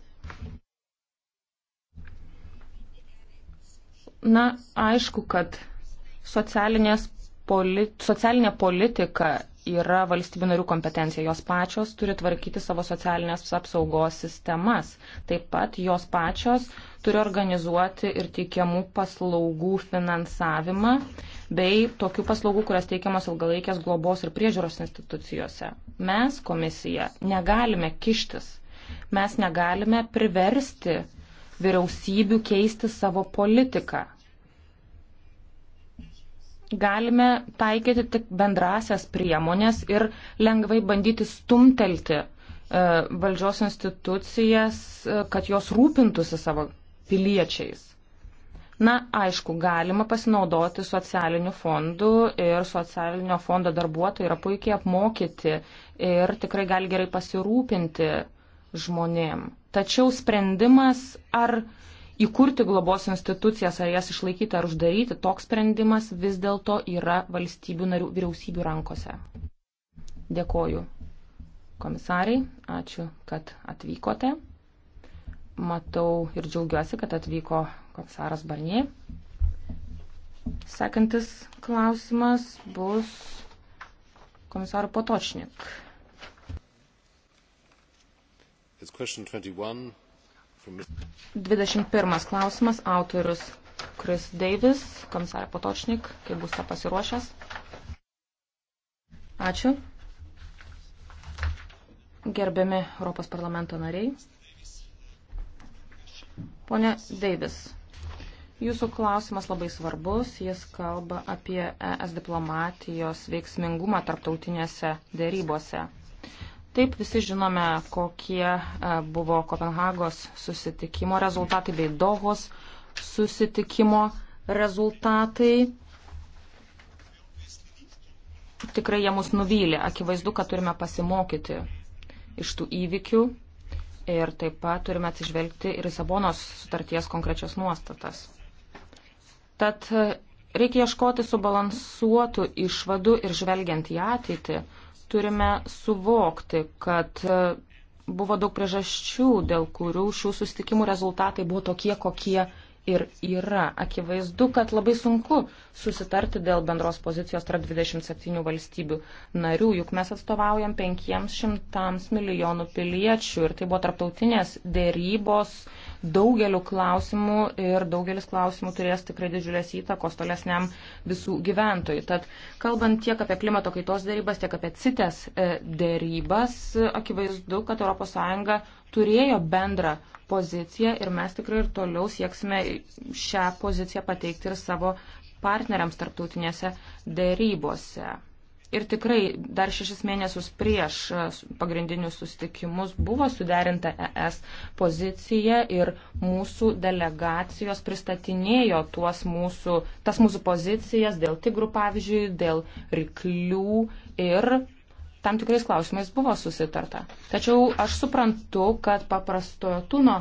Na, aišku, kad socialinės politi socialinė politika yra valstybių narių kompetencija. Jos pačios turi tvarkyti savo socialinės apsaugos sistemas. Taip pat jos pačios turi organizuoti ir teikiamų paslaugų finansavimą bei tokių paslaugų, kurias teikiamas ilgalaikės globos ir priežiūros institucijose. Mes, komisija, negalime kištis. Mes negalime priversti vyriausybių keisti savo politiką galime taikyti tik bendrasias priemonės ir lengvai bandyti stumtelti e, valdžios institucijas, e, kad jos rūpintųsi savo piliečiais. Na, aišku, galima pasinaudoti socialiniu fondu ir socialinio fondo darbuotojai yra puikiai apmokyti ir tikrai gali gerai pasirūpinti žmonėm. Tačiau sprendimas, ar įkurti globos institucijas ar jas išlaikyti ar uždaryti, toks sprendimas vis dėlto yra valstybių narių vyriausybių rankose. Dėkoju komisarai, ačiū, kad atvykote. Matau ir džiaugiuosi, kad atvyko komisaras Barnie. Sekantis klausimas bus komisaro Potočnik. It's question 21. 21 klausimas, autorius Chris Davis, komisarė Potočnik, kai bus ta pasiruošęs. Ačiū. Gerbiami Europos parlamento nariai. Pone Davis, Jūsų klausimas labai svarbus, jis kalba apie ES diplomatijos veiksmingumą tarptautinėse dėrybose. Taip visi žinome, kokie e, buvo Kopenhagos susitikimo rezultatai bei Dohos susitikimo rezultatai. Tikrai jie mus nuvylė. Akivaizdu, kad turime pasimokyti iš tų įvykių ir taip pat turime atsižvelgti ir Lisabonos sutarties konkrečias nuostatas. Tad e, reikia ieškoti subalansuotų išvadų ir žvelgiant į ateitį turime suvokti, kad e, buvo daug priežasčių, dėl kurių šių sustikimų rezultatai buvo tokie, kokie ir yra. Akivaizdu, kad labai sunku susitarti dėl bendros pozicijos tarp 27 valstybių narių, juk mes atstovaujam 500 milijonų piliečių ir tai buvo tarptautinės dėrybos daugeliu klausimų ir daugelis klausimų turės tikrai didžiulės įtakos tolesniam visų gyventojų. Tad kalbant tiek apie klimato kaitos dėrybas, tiek apie CITES e, dėrybas, akivaizdu, kad ES turėjo bendrą poziciją ir mes tikrai ir toliau sieksime šią poziciją pateikti ir savo partneriams tarptautinėse dėrybose. Ir tikrai dar šešis mėnesius prieš e, pagrindinius susitikimus buvo suderinta ES pozicija ir mūsų delegacijos pristatinėjo tuos mūsų, tas mūsų pozicijas dėl tigrų, pavyzdžiui, dėl ryklių ir tam tikrais klausimais buvo susitarta. Tačiau aš suprantu, kad paprastojo tuno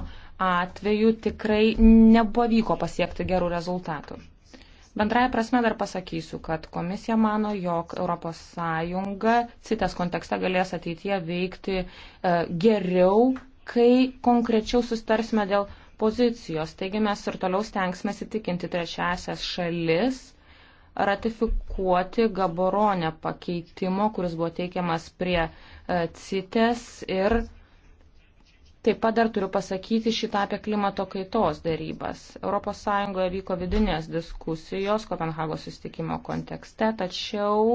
atveju tikrai nepavyko pasiekti gerų rezultatų. Bendraja prasme dar pasakysiu, kad komisija mano, jog ES CITES kontekste galės ateityje veikti e, geriau, kai konkrečiau sustarsime dėl pozicijos. Taigi mes ir toliau stengsime įtikinti trečiasias šalis ratifikuoti Gaboronę pakeitimo, kuris buvo teikiamas prie e, CITES ir Taip pat dar turiu pasakyti šitą apie klimato kaitos darybas. ES vyko vidinės diskusijos Kopenhagos sustikimo kontekste, tačiau,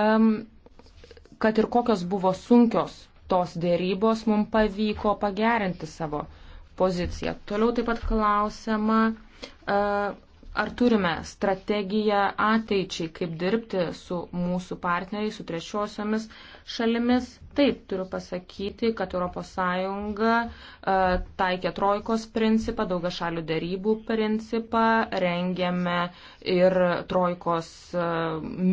um, kad ir kokios buvo sunkios tos dėrybos, mums pavyko pagerinti savo poziciją. Toliau taip pat klausima, uh, e, Ar turime strategiją ateičiai, kaip dirbti su mūsų partneriais, su trečiosiomis šalimis? Taip, turiu pasakyti, kad ES e, taikė trojkos principą, daugia šalių darybų principą, rengėme ir trojkos e,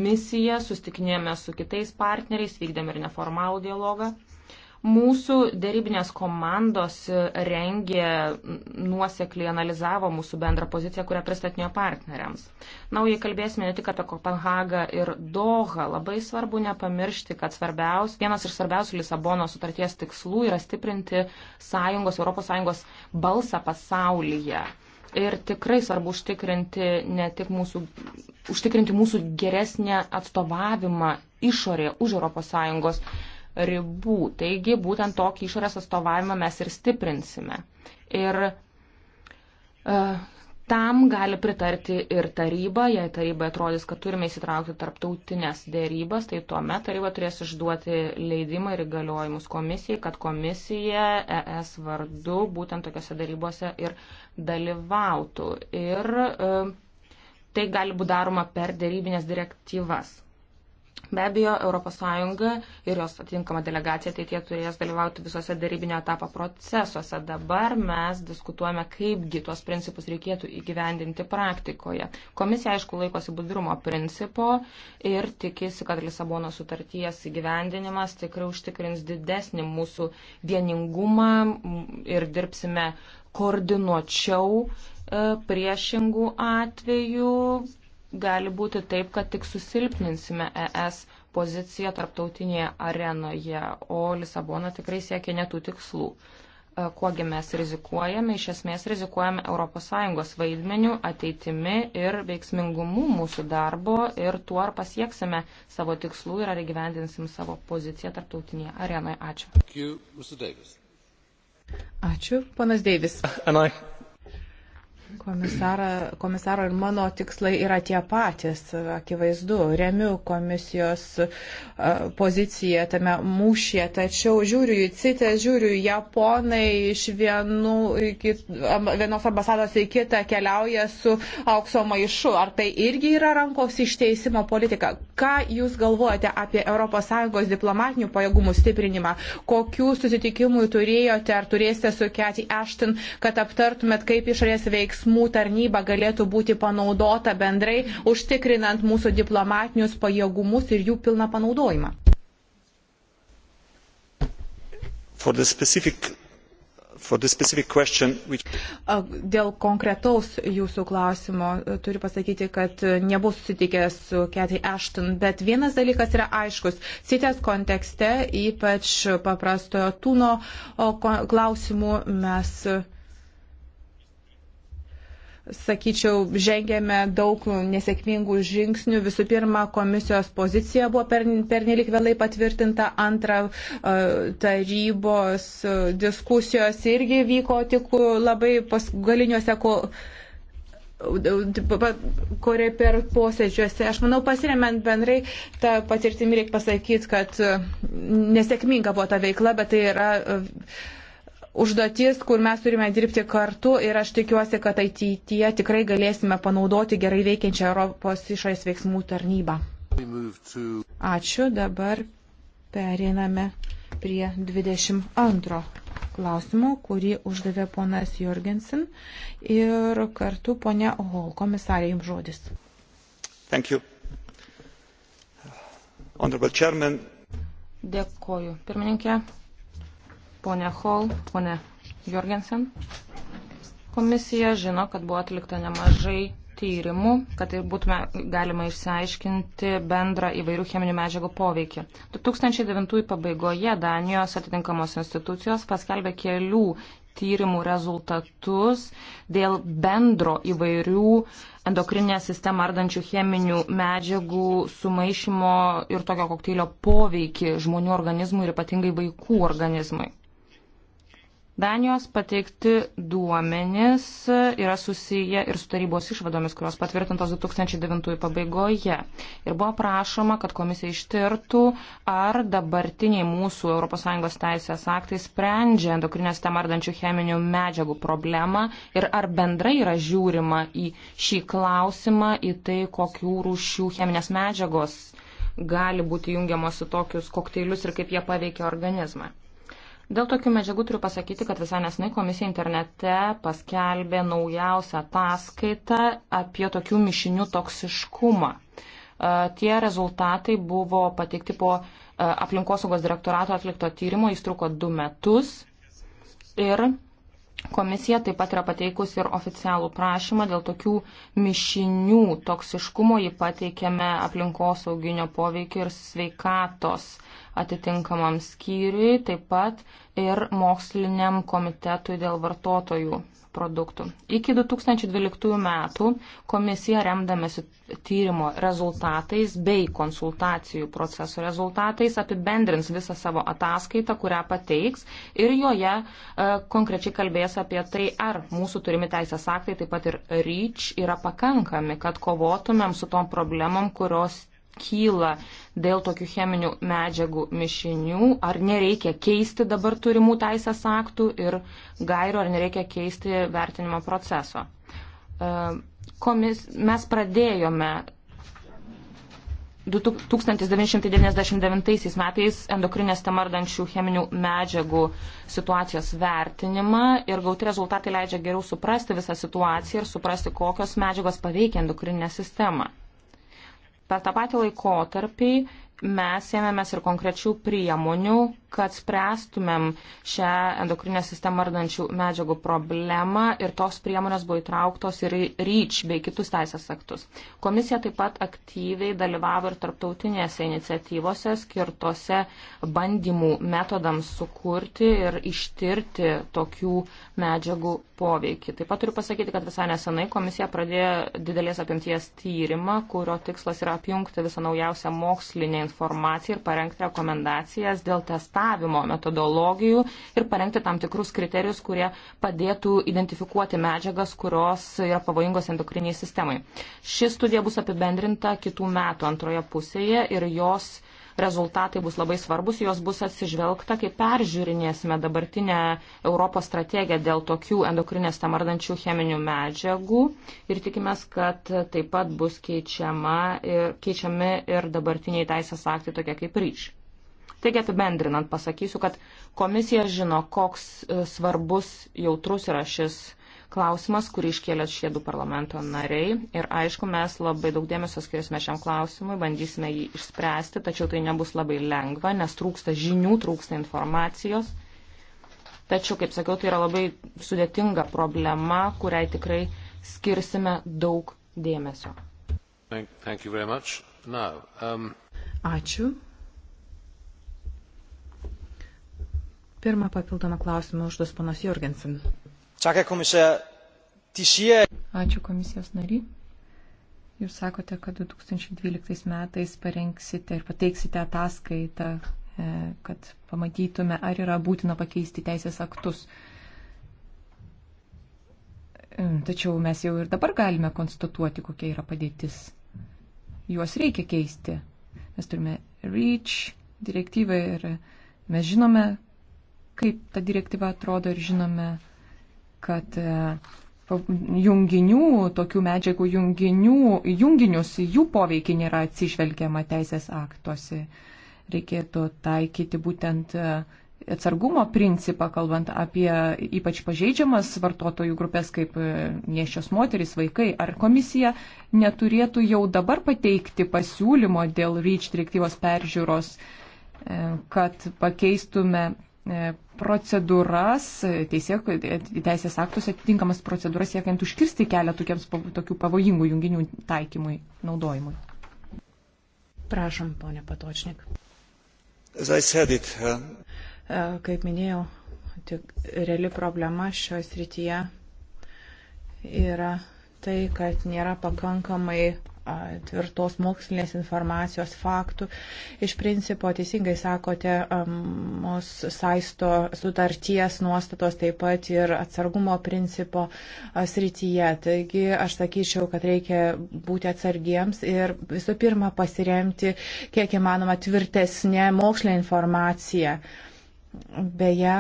misiją, sustikinėjome su kitais partneriais, vykdėme ir neformalų dialogą. Mūsų dėrybinės komandos rengė nuosekliai analizavo mūsų bendrą poziciją, kurią pristatinėjo partneriams. Naujai kalbėsime ne tik apie Kopenhagą ir Dohą. Labai svarbu nepamiršti, kad svarbiaus, vienas iš svarbiausių Lisabono sutarties tikslų yra stiprinti sąjungos, ES balsą pasaulyje. Ir tikrai svarbu užtikrinti ne tik mūsų, užtikrinti mūsų geresnę atstovavimą išorėje už ES ribų. Taigi būtent tokį išorės atstovavimą mes ir stiprinsime. Ir uh, tam gali pritarti ir taryba, jei taryba atrodys, kad turime įsitraukti tarptautinės dėrybas, tai tuomet taryba turės išduoti leidimą ir įgaliojimus komisijai, kad komisija ES vardu būtent tokiuose dėrybose ir dalyvautų. Ir uh, tai gali būti daroma per dėrybinės direktyvas. Be abejo, ES ir jos atitinkama delegacija ateitie turės dalyvauti visose darybinio etapo procesuose. Dabar mes diskutuojame, kaipgi tuos principus reikėtų įgyvendinti praktikoje. Komisija, aišku, laikosi budrumo principo ir tikisi, kad Lisabono sutarties įgyvendinimas tikrai užtikrins didesnį mūsų vieningumą ir dirbsime koordinuočiau e, priešingų atvejų gali būti taip, kad tik susilpninsime ES poziciją tarptautinėje arenoje, o Lisabona tikrai siekia netų tikslų. E, kuogi mes rizikuojame? Iš esmės rizikuojame ES vaidmeniu, ateitimi ir veiksmingumu mūsų darbo ir tuo ar pasieksime savo tikslų ir ar įgyvendinsim savo poziciją tarptautinėje arenoje. Ačiū. Ačiū, panas Deivis. Komisara, komisaro ir mano tikslai yra tie patys, akivaizdu, remiu komisijos poziciją tame mūšyje, tačiau žiūriu į CITES, žiūriu į Japonai iš vienu, kit, vienos ambasados į kitą keliauja su aukso maišu. Ar tai irgi yra rankos išteisimo politika? Ką Jūs galvojate apie ES diplomatinių pajėgumų stiprinimą? Kokių susitikimų turėjote ar turėsite su Keti Ashton, kad aptartumėt, kaip išorės veiks? veiksmų tarnyba galėtų būti panaudota bendrai, užtikrinant mūsų diplomatinius pajėgumus ir jų pilną panaudojimą. For the specific Which... Dėl konkretaus jūsų klausimo e, turiu pasakyti, kad e, nebus susitikęs su Kathy Ashton, bet vienas dalykas yra aiškus. Sitės kontekste, ypač paprastojo tūno klausimų, mes e, sakyčiau, žengėme daug nesėkmingų žingsnių. Visų pirma, komisijos pozicija buvo pernelik per vėlai patvirtinta, antra, e, tarybos e, diskusijos irgi vyko tik labai galiniuose ko kurie per posėdžiuose. Aš manau, pasiremiant bendrai tą patirtimį reikia pasakyti, kad e, nesėkminga buvo ta veikla, bet tai yra uh, užduotis, kur mes turime dirbti kartu ir aš tikiuosi, kad ateityje tikrai galėsime panaudoti gerai veikiančią Europos išorės veiksmų tarnybą. Ačiū, dabar periname prie 22 klausimo, kurį uždavė ponas Jorgensen ir kartu ponia Hol, komisarė, jums žodis. Thank you. Honorable Chairman. Dėkoju. Pirmininkė, ponė Hall, ponė Jorgensen. Komisija žino, kad buvo atlikta nemažai tyrimų, kad ir būtume galima išsiaiškinti bendrą įvairių cheminių medžiagų poveikį. 2009 pabaigoje Danijos atitinkamos institucijos paskelbė kelių tyrimų rezultatus dėl bendro įvairių endokrinę sistemą ardančių cheminių medžiagų sumaišymo ir tokio kokteilio poveikį žmonių organizmui ir ypatingai vaikų organizmui. Danijos pateikti duomenys yra susiję ir su tarybos išvadomis, kurios patvirtintos 2009 pabaigoje. Ir buvo prašoma, kad komisija ištirtų, ar dabartiniai mūsų ES teisės aktai sprendžia endokrinę sistemą ardančių cheminių medžiagų problemą ir ar bendrai yra žiūrima į šį klausimą, į tai, kokių rūšių cheminės medžiagos gali būti jungiamos į tokius kokteilius ir kaip jie paveikia organizmą. Dėl tokių medžiagų turiu pasakyti, kad visai nesnai komisija internete paskelbė naujausią ataskaitą apie tokių mišinių toksiškumą. E, tie rezultatai buvo pateikti po e, aplinkosaugos direktorato atlikto tyrimo, jis truko du metus ir Komisija taip pat yra pateikusi ir oficialų prašymą dėl tokių mišinių toksiškumo, jį pateikėme aplinkosauginio poveikio ir sveikatos atitinkamam skyriui, taip pat ir moksliniam komitetui dėl vartotojų produktų. Iki 2012 metų komisija remdamėsi tyrimo rezultatais bei konsultacijų proceso rezultatais apibendrins visą savo ataskaitą, kurią pateiks ir joje e, konkrečiai kalbės apie tai, ar mūsų turimi teisės aktai, taip pat ir REACH, yra pakankami, kad kovotumėm su tom problemom, kurios kyla dėl tokių cheminių medžiagų mišinių, ar nereikia keisti dabar turimų teisės aktų ir gairių, ar nereikia keisti vertinimo proceso. E, komis, mes pradėjome 1999 metais endokrinės temardančių cheminių medžiagų situacijos vertinimą ir gauti rezultatai leidžia geriau suprasti visą situaciją ir suprasti, kokios medžiagos paveikia endokrininę sistemą. Per tą patį laikotarpį mes ėmėmės ir konkrečių priemonių, kad spręstumėm šią endokrinę sistemą ardančių medžiagų problemą ir tos priemonės buvo įtrauktos ir į REACH bei kitus teisės aktus. Komisija taip pat aktyviai dalyvavo ir tarptautinėse iniciatyvose skirtose bandymų metodams sukurti ir ištirti tokių medžiagų poveikį. Taip pat turiu pasakyti, kad visai nesenai komisija pradėjo didelės apimties tyrimą, kurio tikslas yra apjungti visą naujausią mokslinę informaciją ir parengti rekomendacijas dėl testavimo metodologijų ir parengti tam tikrus kriterijus, kurie padėtų identifikuoti medžiagas, kurios yra pavojingos endokriniai sistemai. Ši studija bus apibendrinta kitų metų antroje pusėje ir jos rezultatai bus labai svarbus, jos bus atsižvelgta, kai peržiūrinėsime dabartinę Europos strategiją dėl tokių endokrinės tamardančių cheminių medžiagų ir tikimės, kad taip pat bus keičiama ir, keičiami ir dabartiniai teisės aktai tokie kaip ryšiai. Taigi apibendrinant pasakysiu, kad komisija žino, koks e, svarbus jautrus yra šis klausimas, kurį iškėlė šie du parlamento nariai. Ir aišku, mes labai daug dėmesio skirsime šiam klausimui, bandysime jį išspręsti, tačiau tai nebus labai lengva, nes trūksta žinių, trūksta informacijos. Tačiau, kaip sakiau, tai yra labai sudėtinga problema, kuriai tikrai skirsime daug dėmesio. Thank, thank Now, um... Ačiū. Pirmą papildomą klausimą užduos panas Jorgensen. Ačiū komisijos nary. Jūs sakote, kad 2012 metais parengsite ir pateiksite ataskaitą, e, kad pamatytume, ar yra būtina pakeisti teisės aktus. E, tačiau mes jau ir dabar galime konstatuoti, kokia yra padėtis. Juos reikia keisti. Mes turime REACH direktyvą ir mes žinome, kaip ta direktyva atrodo ir žinome, kad e, junginių, tokių medžiagų junginių, junginius, jų poveikį nėra atsižvelgiama teisės aktuose. Reikėtų taikyti būtent e, atsargumo principą, kalbant apie ypač pažeidžiamas vartotojų grupės kaip e, nešios moteris, vaikai. Ar komisija neturėtų jau dabar pateikti pasiūlymo dėl REACH direktyvos peržiūros, kad pakeistume E, procedūras, teisė, teisės aktus atitinkamas procedūras siekiant užkirsti kelią tokiems tokių pavojingų junginių taikymui, naudojimui. Prašom, ponė Patočnik. It, huh? E, kaip minėjau, tik reali problema šioje srityje yra tai, kad nėra pakankamai tvirtos mokslinės informacijos faktų. Iš principo teisingai sakote, mus saisto sutarties nuostatos taip pat ir atsargumo principo srityje. Taigi aš sakyčiau, kad reikia būti atsargiems ir visų pirma pasiremti kiek įmanoma tvirtesnė mokslinė informacija. Beje,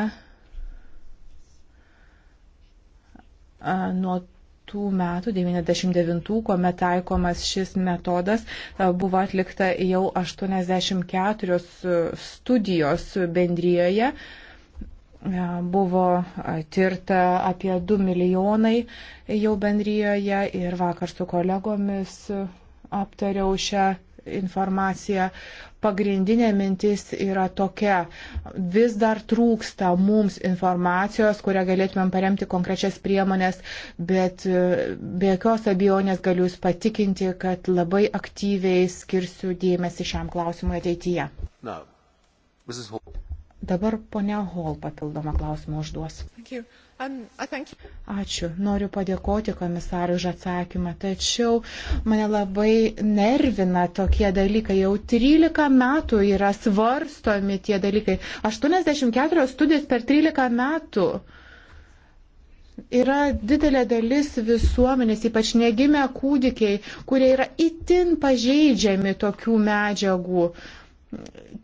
nuo tų metų, 99, kuomet taikomas šis metodas, e, buvo atlikta jau 84 e, studijos bendryjoje. E, buvo tirta apie 2 milijonai jau bendryjoje ir vakar su kolegomis aptariau šią informaciją. Pagrindinė mintis yra tokia. Vis dar trūksta mums informacijos, kurią galėtumėm paremti konkrečias priemonės, bet e, be jokios abejonės galiu Jūs patikinti, kad labai aktyviai skirsiu dėmesį šiam klausimui ateityje. No. Dabar ponia Hol papildomą klausimą užduos. Um, Ačiū. Noriu padėkoti komisarui už atsakymą, tačiau mane labai nervina tokie dalykai. Jau 13 metų yra svarstomi tie dalykai. 84 studijas per 13 metų yra didelė dalis visuomenės, ypač negimę kūdikiai, kurie yra itin pažeidžiami tokių medžiagų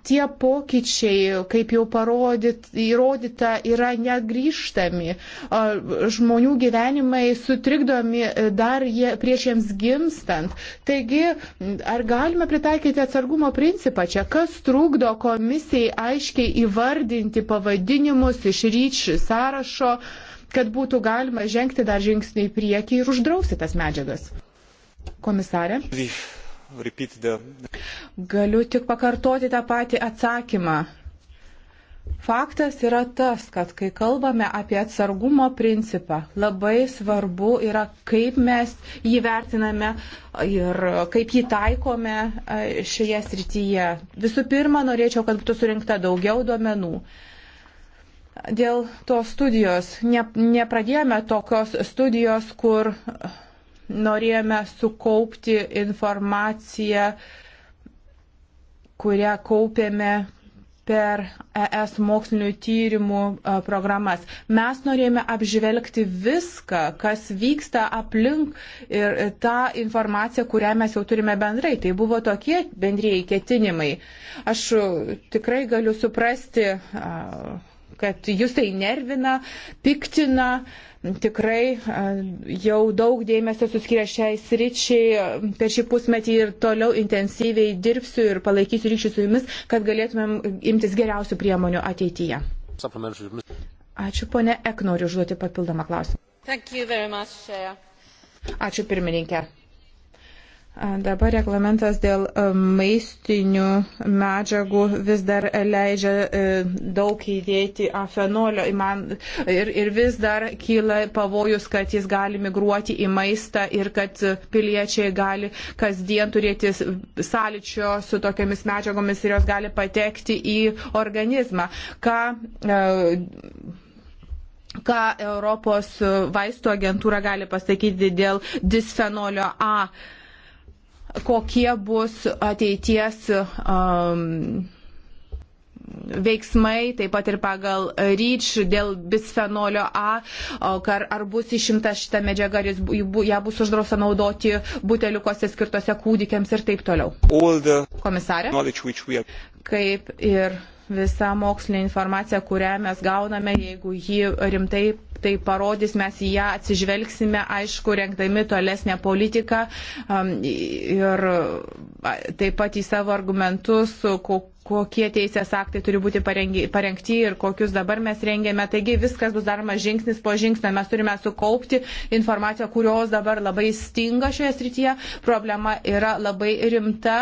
tie pokyčiai, kaip jau parodyt, įrodyta, yra negryžtami. Žmonių gyvenimai sutrikdomi e, dar jie, prieš jiems gimstant. Taigi, ar galime pritaikyti atsargumo principą čia? Kas trukdo komisijai aiškiai įvardinti pavadinimus iš ryčių sąrašo, kad būtų galima žengti dar žingsnį į priekį ir uždrausti tas medžiagas? Komisarė. Vyf the... Galiu tik pakartoti tą patį atsakymą. Faktas yra tas, kad kai kalbame apie atsargumo principą, labai svarbu yra, kaip mes jį vertiname ir kaip jį taikome šioje srityje. Visų pirma, norėčiau, kad būtų surinkta daugiau duomenų. Dėl tos studijos ne, nepradėjome tokios studijos, kur norėjome sukaupti informaciją, kurią kaupėme per ES mokslinių tyrimų e, programas. Mes norėjome apžvelgti viską, kas vyksta aplink ir tą informaciją, kurią mes jau turime bendrai. Tai buvo tokie bendrieji ketinimai. Aš tikrai galiu suprasti, kad jūs tai nervina, piktina tikrai jau daug dėmesio suskiria šiai sričiai per šį pusmetį ir toliau intensyviai dirbsiu ir palaikysiu ryšį su jumis, kad galėtumėm imtis geriausių priemonių ateityje. Ačiū, ponė Ek, noriu užduoti papildomą klausimą. Much, Ačiū, pirmininkė. Dabar reglamentas dėl e, maistinių medžiagų vis dar leidžia e, daug įdėti afenolio man, ir, ir vis dar kyla pavojus, kad jis gali migruoti į maistą ir kad piliečiai gali kasdien turėti sąlyčio su tokiamis medžiagomis ir jos gali patekti į organizmą. Ką, e, ką Europos vaistų agentūra gali pasakyti dėl disfenolio A kokie bus ateities um, veiksmai, taip pat ir pagal REACH dėl bisfenolio A, ar, ar bus išimta šita medžiaga, ar ją bus uždrausta naudoti buteliukose skirtose kūdikiams ir taip toliau. The... Komisarė, kaip ir visa mokslinė informacija, kurią mes gauname, jeigu ji rimtai tai parodys, mes į ją atsižvelgsime, aišku, renkdami tolesnę politiką um, ir taip pat į savo argumentus, kokiu kokie teisės aktai turi būti parengi, parengti ir kokius dabar mes rengėme. Taigi viskas bus daroma žingsnis po žingsnio. Mes turime sukaupti informaciją, kurios dabar labai stinga šioje srityje. Problema yra labai rimta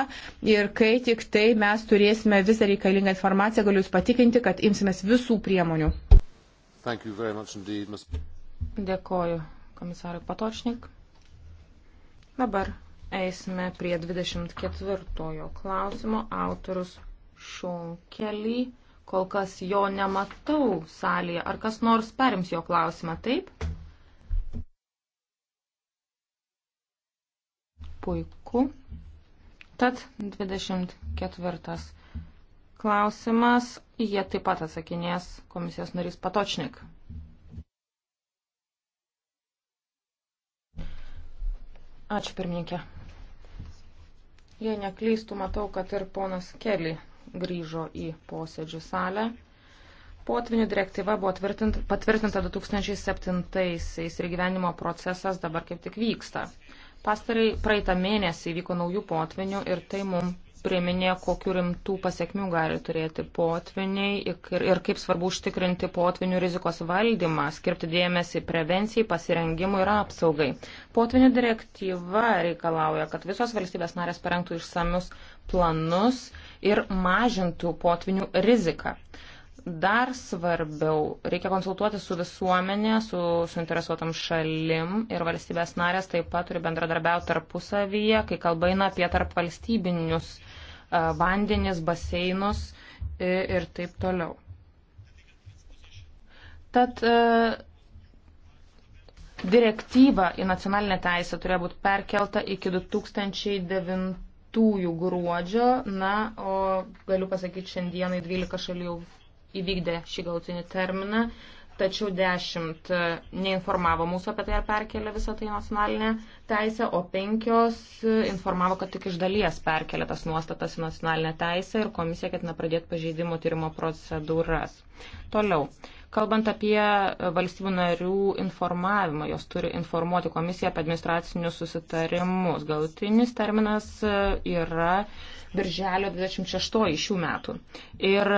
ir kai tik tai mes turėsime visą reikalingą informaciją, galiu Jūs patikinti, kad imsimės visų priemonių. Indeed, Dėkoju komisarui Patočnik. Dabar eisime prie 24 klausimo autorius Šunkelį. Kol kas jo nematau salėje. Ar kas nors perims jo klausimą, taip? Puiku. Tad 24 klausimas. Jie taip pat atsakinės komisijos narys Patočnik. Ačiū pirmininkė. Jei neklystų, matau, kad ir ponas Kelly grįžo į posėdžių salę. Potvinių direktyva buvo patvirtinta 2007-aisiais ir gyvenimo procesas dabar kaip tik vyksta. Pastarai praeitą mėnesį vyko naujų potvinių ir tai mums priminė, kokiu rimtų pasiekmių gali turėti potviniai ir, ir kaip svarbu užtikrinti potvinių rizikos valdymą, skirti dėmesį prevencijai, pasirengimui ir apsaugai. Potvinių direktyva reikalauja, kad visos valstybės narės parengtų išsamius planus ir mažintų potvinių riziką. Dar svarbiau, reikia konsultuoti su visuomenė, su suinteresuotam šalim ir valstybės narės taip pat turi bendradarbiauti tarpusavyje, kai kalba eina apie tarp valstybinius E, vandenis, baseinus ir taip toliau. Tad e, direktyva į nacionalinę teisę turėjo būti perkelta iki 2009 gruodžio, na, o galiu pasakyti, šiandienai 12 šalių įvykdė šį galutinį terminą tačiau dešimt neinformavo mūsų apie tai ar perkelė visą tai nacionalinę teisę, o penkios informavo, kad tik iš dalies perkelė tas nuostatas į nacionalinę teisę ir komisija ketina pradėti pažeidimų tyrimo procedūras. Toliau. Kalbant apie valstybių narių informavimą, jos turi informuoti komisiją apie administracinius susitarimus. Galutinis terminas yra birželio 26 šių metų. Ir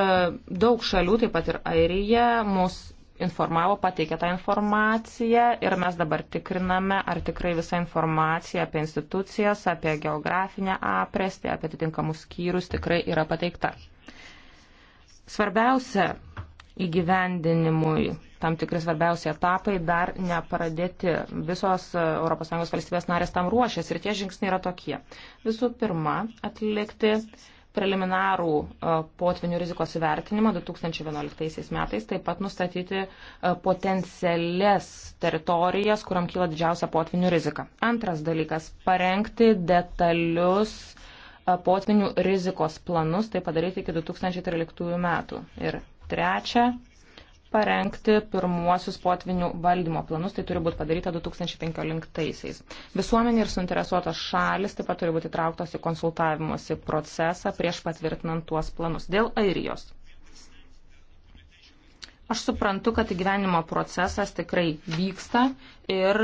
daug šalių, taip pat ir Airija, mūsų informavo, pateikė tą informaciją ir mes dabar tikriname, ar tikrai visa informacija apie institucijas, apie geografinę aprestį, apie atitinkamus skyrius tikrai yra pateikta. Svarbiausia įgyvendinimui tam tikri svarbiausi etapai dar nepradėti. Visos ES valstybės narės tam ruošiasi ir tie žingsniai yra tokie. Visų pirma, atlikti preliminarų potvinių rizikos įvertinimą 2011 metais, taip pat nustatyti potencialias teritorijas, kuriam kyla didžiausia potvinių rizika. Antras dalykas - parengti detalius potvinių rizikos planus, tai padaryti iki 2013 metų. Ir trečia parengti pirmuosius potvinių valdymo planus, tai turi būti padaryta 2015-aisiais. Visuomenė ir suinteresuotos šalis taip pat turi būti trauktos į konsultavimuose procesą prieš patvirtinant tuos planus. Dėl Airijos. Aš suprantu, kad įgyvenimo procesas tikrai vyksta ir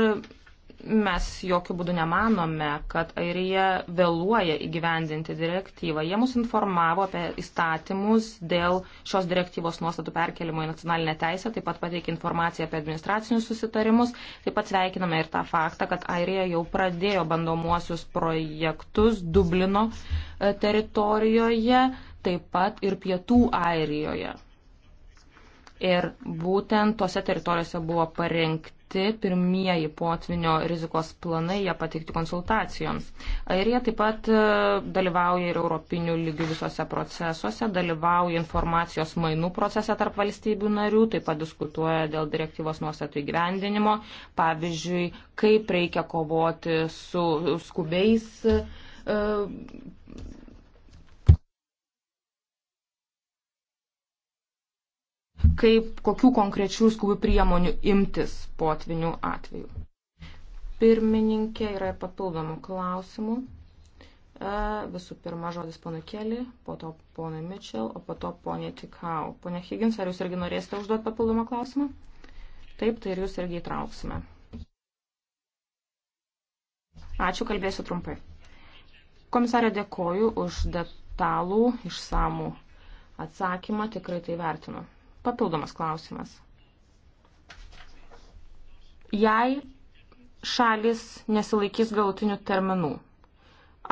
Mes jokių būdų nemanome, kad Airija vėluoja įgyvendinti direktyvą. Jie mus informavo apie įstatymus dėl šios direktyvos nuostatų perkelimo į nacionalinę teisę, taip pat pateikė informaciją apie administracinius susitarimus. Taip pat sveikiname ir tą faktą, kad Airija jau pradėjo bandomuosius projektus Dublino e, teritorijoje, taip pat ir Pietų Airijoje. Ir būtent tose teritorijose buvo parengti pirmieji potvinio rizikos planai, jie pateikti konsultacijoms. Airija taip pat e, dalyvauja ir europinių lygių visose procesuose, dalyvauja informacijos mainų procese tarp valstybių narių, taip pat diskutuoja dėl direktyvos nuostatų įgyvendinimo, pavyzdžiui, kaip reikia kovoti su skubiais e, kaip, kokių konkrečių skubių priemonių imtis potvinių atveju. Pirmininkė yra papildomų klausimų. E, visų pirma, žodis pono Kelį, po to pono Mitchell, o po to ponė Tikau. Pone Higgins, ar jūs irgi norėsite užduoti papildomą klausimą? Taip, tai ir jūs irgi įtrauksime. Ačiū, kalbėsiu trumpai. Komisarė, dėkoju už detalų, išsamų atsakymą, tikrai tai vertinu. Papildomas klausimas. Jei šalis nesilaikys galutinių terminų,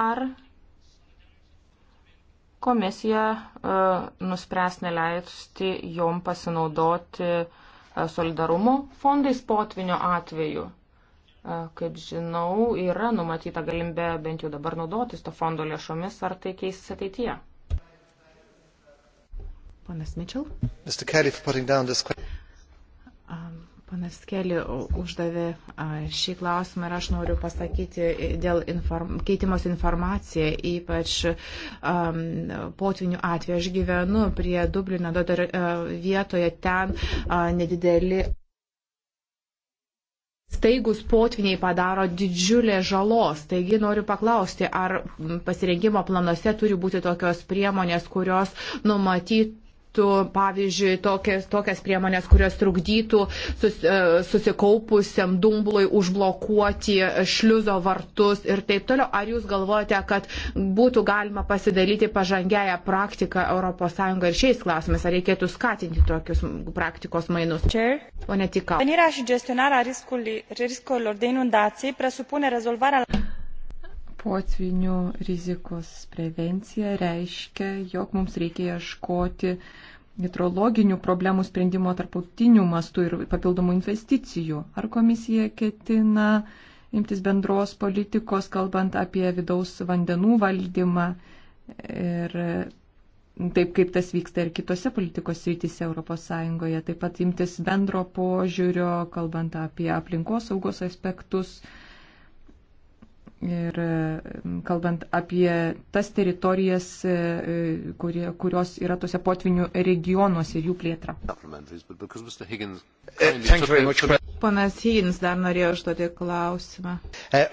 ar komisija uh, nuspręs neleisti jom pasinaudoti uh, solidarumo fondais potvinio atveju? Uh, kaip žinau, yra numatyta galimybė bent jau dabar naudotis to fondo lėšomis, ar tai keisis ateityje? Ponas Mitchell. Panas Keli uždavė šį klausimą ir aš noriu pasakyti dėl inform, keitimos informacija, ypač um, potvinių atveju. Aš gyvenu prie Dublino dar, uh, vietoje, ten uh, nedideli. Staigus potviniai padaro didžiulę žalos, taigi noriu paklausti, ar pasirengimo planuose turi būti tokios priemonės, kurios numatyt, numatytų, pavyzdžiui, tokias, tokias priemonės, kurios trukdytų sus, e, susikaupusiam dumblui užblokuoti šliuzo vartus ir taip toliau. Ar jūs galvojate, kad būtų galima pasidaryti pažangiają praktiką ES ir šiais klausimais, ar reikėtų skatinti tokius praktikos mainus? Pone Tikau. Prevenirea și gestionarea riscolor de inundații presupune rezolvarea potvinių rizikos prevencija reiškia, jog mums reikia ieškoti hidrologinių problemų sprendimo tarptautinių mastų ir papildomų investicijų. Ar komisija ketina imtis bendros politikos, kalbant apie vidaus vandenų valdymą ir taip kaip tas vyksta ir kitose politikos rytise ES, taip pat imtis bendro požiūrio, kalbant apie aplinkosaugos aspektus Ir kalbant apie tas teritorijas, e, e, kurie, kurios yra tose potvinių regionuose ir jų plėtrą. Eh, Ponas Higgins dar norėjo užduoti klausimą. Eh,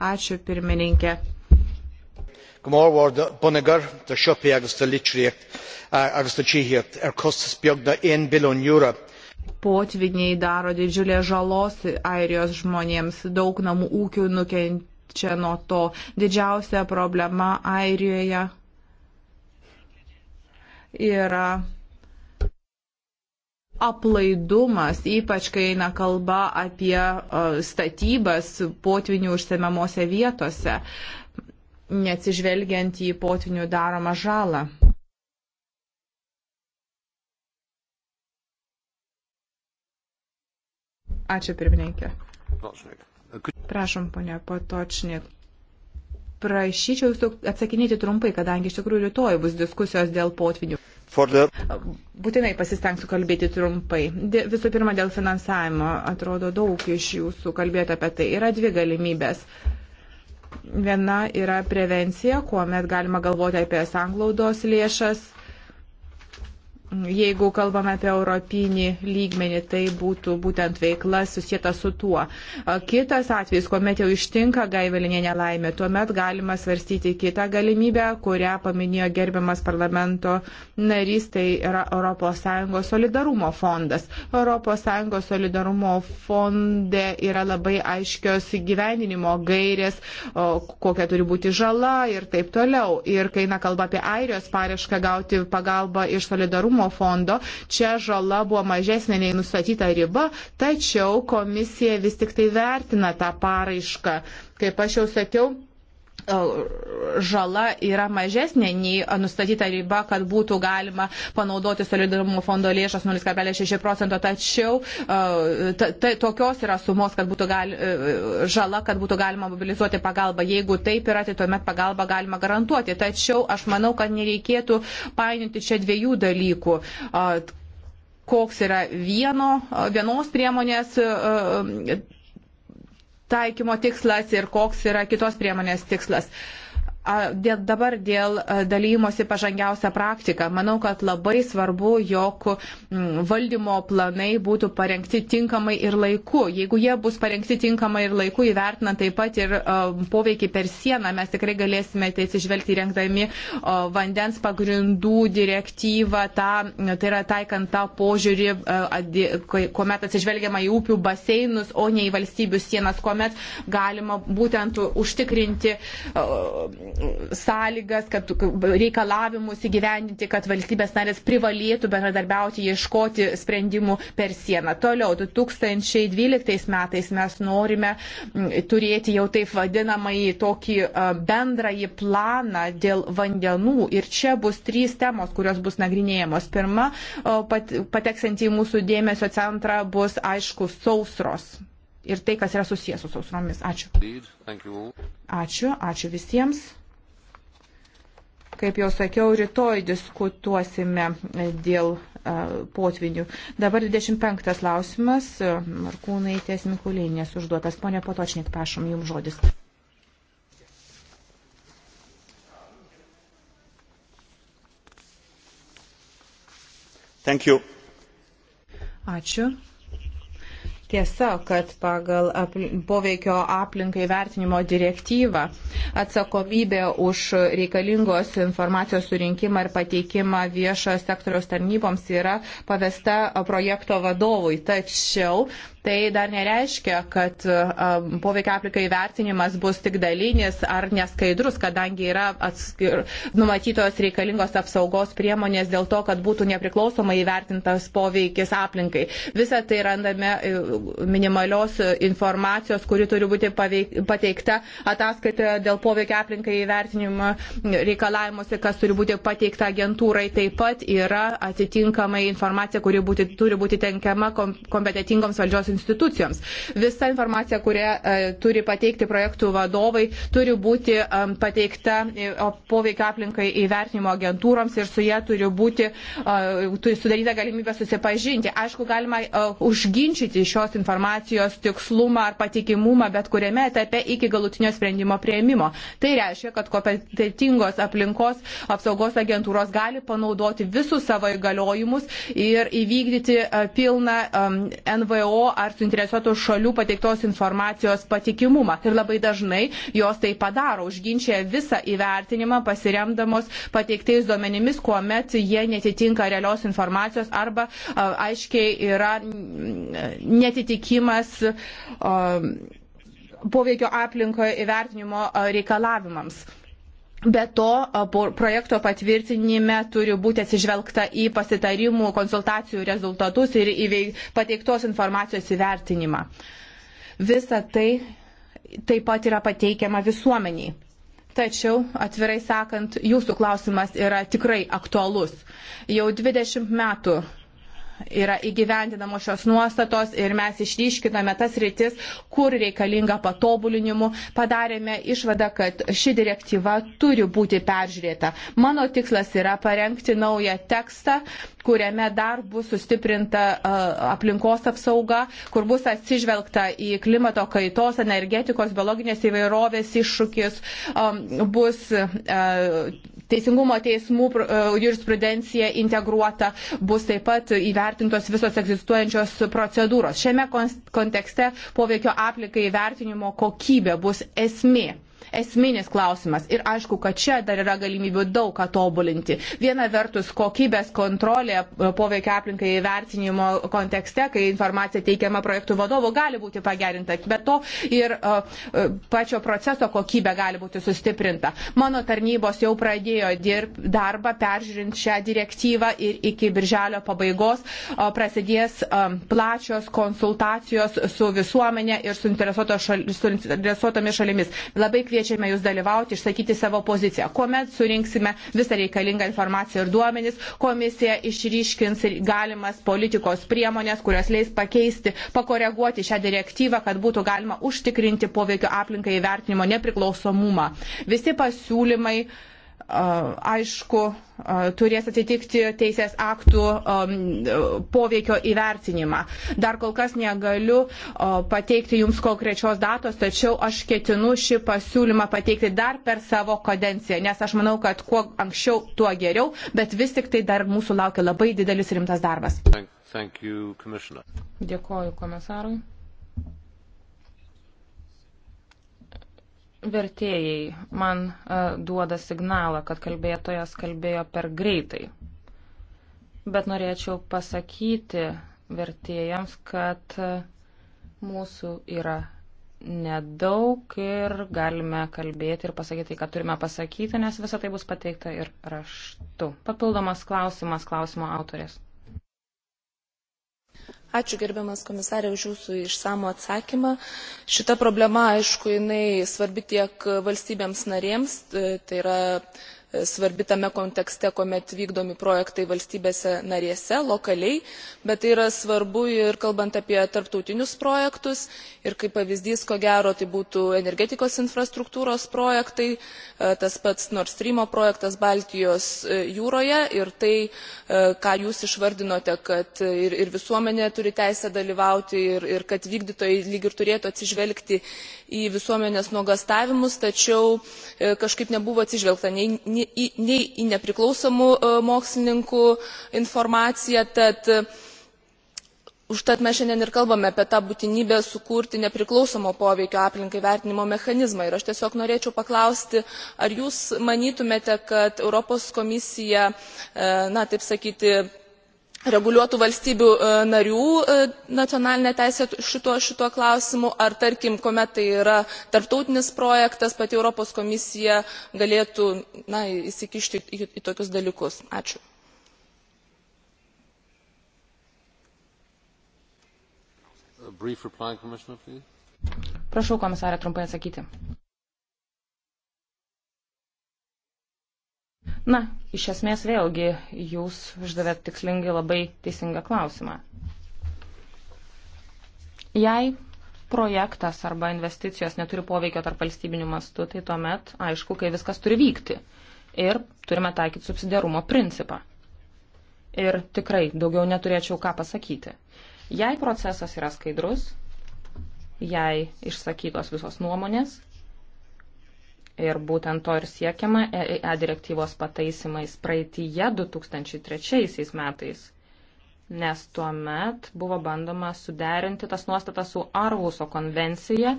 Ačiū pirmininkė. Bunnegar, de Shopi agus de Litriacht agus de Chihiacht ar costas beagna 1 biliún euro potviniai daro didžiulę žalos airijos žmonėms, daug namų ūkių nukenčia nuo to. Didžiausia problema Airijoje yra aplaidumas, ypač kai eina kalba apie statybas potvinių užsiemiamose vietose, neatsižvelgiant į potvinių daromą žalą. Ačiū pirmininkė. Prašom, ponia Patočnik. Prašyčiau jūsų atsakinėti trumpai, kadangi iš tikrųjų rytoj bus diskusijos dėl potvinių. The... Būtinai pasistengsiu kalbėti trumpai. Dė, visų pirma, dėl finansavimo. Atrodo, daug iš jūsų kalbėjote apie tai. Yra dvi galimybės. Viena yra prevencija, kuomet galima galvoti apie sanglaudos lėšas jeigu kalbame apie europinį lygmenį, tai būtų būtent veikla susijęta su tuo. Kitas atvejis, kuomet jau ištinka gaivelinė nelaimė, tuomet galima svarstyti kitą galimybę, kurią paminėjo gerbiamas parlamento narys, tai yra ES solidarumo fondas. ES solidarumo fonde yra labai aiškios gyveninimo gairės, kokia turi būti žala ir taip toliau. Ir kai eina kalba apie Airijos parešką gauti pagalbą iš solidarumo, solidarumo fondo. Čia žala buvo mažesnė nei nustatyta riba, tačiau komisija vis tik tai vertina tą paraišką. Kaip aš jau sakiau, E, žala yra mažesnė nei nustatyta riba, kad būtų galima panaudoti solidarumo fondo lėšas 0,6 procento, tačiau e, ta, ta, tokios yra sumos, kad būtų gali, e, žala, kad būtų galima mobilizuoti pagalbą. Jeigu taip yra, tai tuomet pagalbą galima garantuoti. Tačiau aš manau, kad nereikėtų painioti čia dviejų dalykų koks yra vieno, vienos priemonės taikymo tikslas ir koks yra kitos priemonės tikslas. Uh, dėl, dabar dėl dalymosi pažangiausią praktiką. Manau, kad labai svarbu, jog valdymo planai būtų parengti tinkamai ir laiku. Jeigu jie bus parengti tinkamai ir laiku, įvertinant taip pat ir poveikį per sieną, mes tikrai galėsime tai atsižvelgti rengdami vandens pagrindų direktyvą, tą, tai yra taikant tą požiūrį, kuomet atsižvelgiama į upių baseinus, o ne į valstybių sienas, kuomet galima būtent užtikrinti sąlygas, kad reikalavimus įgyvendinti, kad valstybės narės privalėtų bendradarbiauti, ieškoti sprendimų per sieną. Toliau, 2012 metais mes norime turėti jau taip vadinamąjį tokį bendrąjį planą dėl vandenų. Ir čia bus trys temos, kurios bus nagrinėjamos. Pirma, pateksanti į mūsų dėmesio centrą bus, aišku, sausros ir tai, kas yra susijęs su sausromis. Ačiū. Ačiū, ačiū visiems. Kaip jau sakiau, rytoj diskutuosime dėl e, potvinių. Dabar 25 klausimas. Markūnai ties Mikulinės užduotas. Pone Patočnik, prašom, jums žodis. Thank you. Ačiū. Tiesa, kad pagal poveikio aplinkai vertinimo direktyvą atsakomybė už reikalingos informacijos surinkimą ir pateikimą viešo sektoriaus tarnyboms yra pavesta projekto vadovui. Tačiau tai dar nereiškia, kad um, poveikia aplikai vertinimas bus tik dalinis ar neskaidrus, kadangi yra atskir, numatytos reikalingos apsaugos priemonės dėl to, kad būtų nepriklausomai įvertintas poveikis aplinkai. Visą tai randame e, minimalios informacijos, kuri turi būti paveik, pateikta ataskaitoje dėl poveikia aplinkai įvertinimo reikalavimuose, kas turi būti pateikta agentūrai. Taip pat yra atitinkamai informacija, kuri būti, turi būti tenkiama kompetitingoms valdžios institucijoms institucijoms. Visa informacija, kurią e, turi pateikti projektų vadovai, turi būti pateikta e, poveikio aplinkai įvertinimo agentūroms ir su jie turi būti sudaryta galimybė susipažinti. Aišku, galima e, užginčyti šios informacijos tikslumą ar patikimumą bet kuriame etape iki galutinio sprendimo prieimimo. Tai reiškia, kad kompetitingos aplinkos apsaugos agentūros gali panaudoti visus savo įgaliojimus ir įvykdyti pilną NVO ar suinteresuotų šalių pateiktos informacijos patikimumą. Ir labai dažnai jos tai padaro, užginčia visą įvertinimą pasiremdamos pateiktais duomenimis, kuomet jie netitinka realios informacijos arba a, aiškiai yra netitikimas. A, poveikio aplinkoje įvertinimo reikalavimams. Be to, projekto patvirtinime turi būti atsižvelgta į pasitarimų, konsultacijų rezultatus ir į pateiktos informacijos įvertinimą. Visa tai taip pat yra pateikiama visuomeniai. Tačiau, atvirai sakant, jūsų klausimas yra tikrai aktualus. Jau 20 metų yra įgyvendinamos šios nuostatos ir mes išryškiname tas rytis, kur reikalinga patobulinimu. Padarėme išvadą, kad ši direktyva turi būti peržiūrėta. Mano tikslas yra parengti naują tekstą, kuriame dar bus sustiprinta aplinkos apsauga, kur bus atsižvelgta į klimato kaitos, energetikos, biologinės įvairovės iššūkis, bus teisingumo teismų e, jurisprudencija integruota, bus taip pat įvertintos visos egzistuojančios procedūros. Šiame kontekste poveikio aplikai įvertinimo kokybė bus esmė esminis klausimas. Ir aišku, kad čia dar yra galimybių daug ką tobulinti. Viena vertus, kokybės kontrolė e, poveikia aplinkai įvertinimo kontekste, kai informacija teikiama projektų vadovo, gali būti pagerinta, bet to ir e, e, pačio proceso kokybė gali būti sustiprinta. Mano tarnybos jau pradėjo dirb, darbą peržiūrint šią direktyvą ir iki birželio pabaigos prasidės plačios konsultacijos su visuomenė ir suinteresuotomis šalimis. Labai kviečiu kviečiame jūs dalyvauti, išsakyti savo poziciją. Kuomet surinksime visą reikalingą informaciją ir duomenis, komisija išryškins galimas politikos priemonės, kurios leis pakeisti, pakoreguoti šią direktyvą, kad būtų galima užtikrinti poveikio aplinkai įvertinimo nepriklausomumą. Visi pasiūlymai aišku, turės atitikti teisės aktų poveikio įvertinimą. Dar kol kas negaliu pateikti Jums konkrečios datos, tačiau aš ketinu šį pasiūlymą pateikti dar per savo kadenciją, nes aš manau, kad kuo anksčiau, tuo geriau, bet vis tik tai dar mūsų laukia labai didelis rimtas darbas. Thank, thank you, Dėkoju komisarui. Vertėjai man e, duoda signalą, kad kalbėtojas kalbėjo per greitai. Bet norėčiau pasakyti vertėjams, kad e, mūsų yra nedaug ir galime kalbėti ir pasakyti, ką turime pasakyti, nes visa tai bus pateikta ir raštu. Papildomas klausimas klausimo autorės. Ačiū gerbiamas komisarė už jūsų išsamų atsakymą. Šita problema, aišku, jinai svarbi tiek valstybėms narėms, tai yra e, svarbi tame kontekste, kuomet vykdomi projektai valstybėse narėse, lokaliai, bet tai yra svarbu ir kalbant apie tarptautinius projektus ir kaip pavyzdys ko gero tai būtų energetikos infrastruktūros projektai e, tas pats nord stream projektas baltijos e, jūroje ir tai e, ką jūs išvardinote kad ir, ir visuomenė turi teisę dalyvauti ir, ir kad vykdytojai lyg ir turėtų atsižvelgti į visuomenės nuogastavimus tačiau kažkaip nebuvo atsižvelgta nei, nei, nei į nepriklausomų mokslininkų informaciją tad užtat mes šiandien ir kalbame apie tą būtinybę sukurti nepriklausomo poveikio aplinkai vertinimo mechanizmą ir aš tiesiog norėčiau paklausti ar jūs manytumėte kad europos komisija e, na taip sakyti reguliuotų valstybių e, narių e, nacionalinę teisę šituo, šituo klausimu ar tarkim kuomet tai yra tarptautinis projektas pati europos komisija galėtų na, įsikišti į, į tokius dalykus. ačiū. Prašau, komisarė, trumpai atsakyti. Na, iš esmės vėlgi jūs uždavėt tikslingai labai teisingą klausimą. Jei projektas arba investicijos neturi poveikio tarp valstybinių mastų, tai tuomet aišku, kai viskas turi vykti. Ir turime taikyti subsidiarumo principą. Ir tikrai daugiau neturėčiau ką pasakyti. Jei procesas yra skaidrus, jei išsakytos visos nuomonės, ir būtent to ir siekiama EIA direktyvos pataisimais praeitįje 2003 metais, nes tuo met buvo bandoma suderinti tas nuostatas su Arvuso konvencija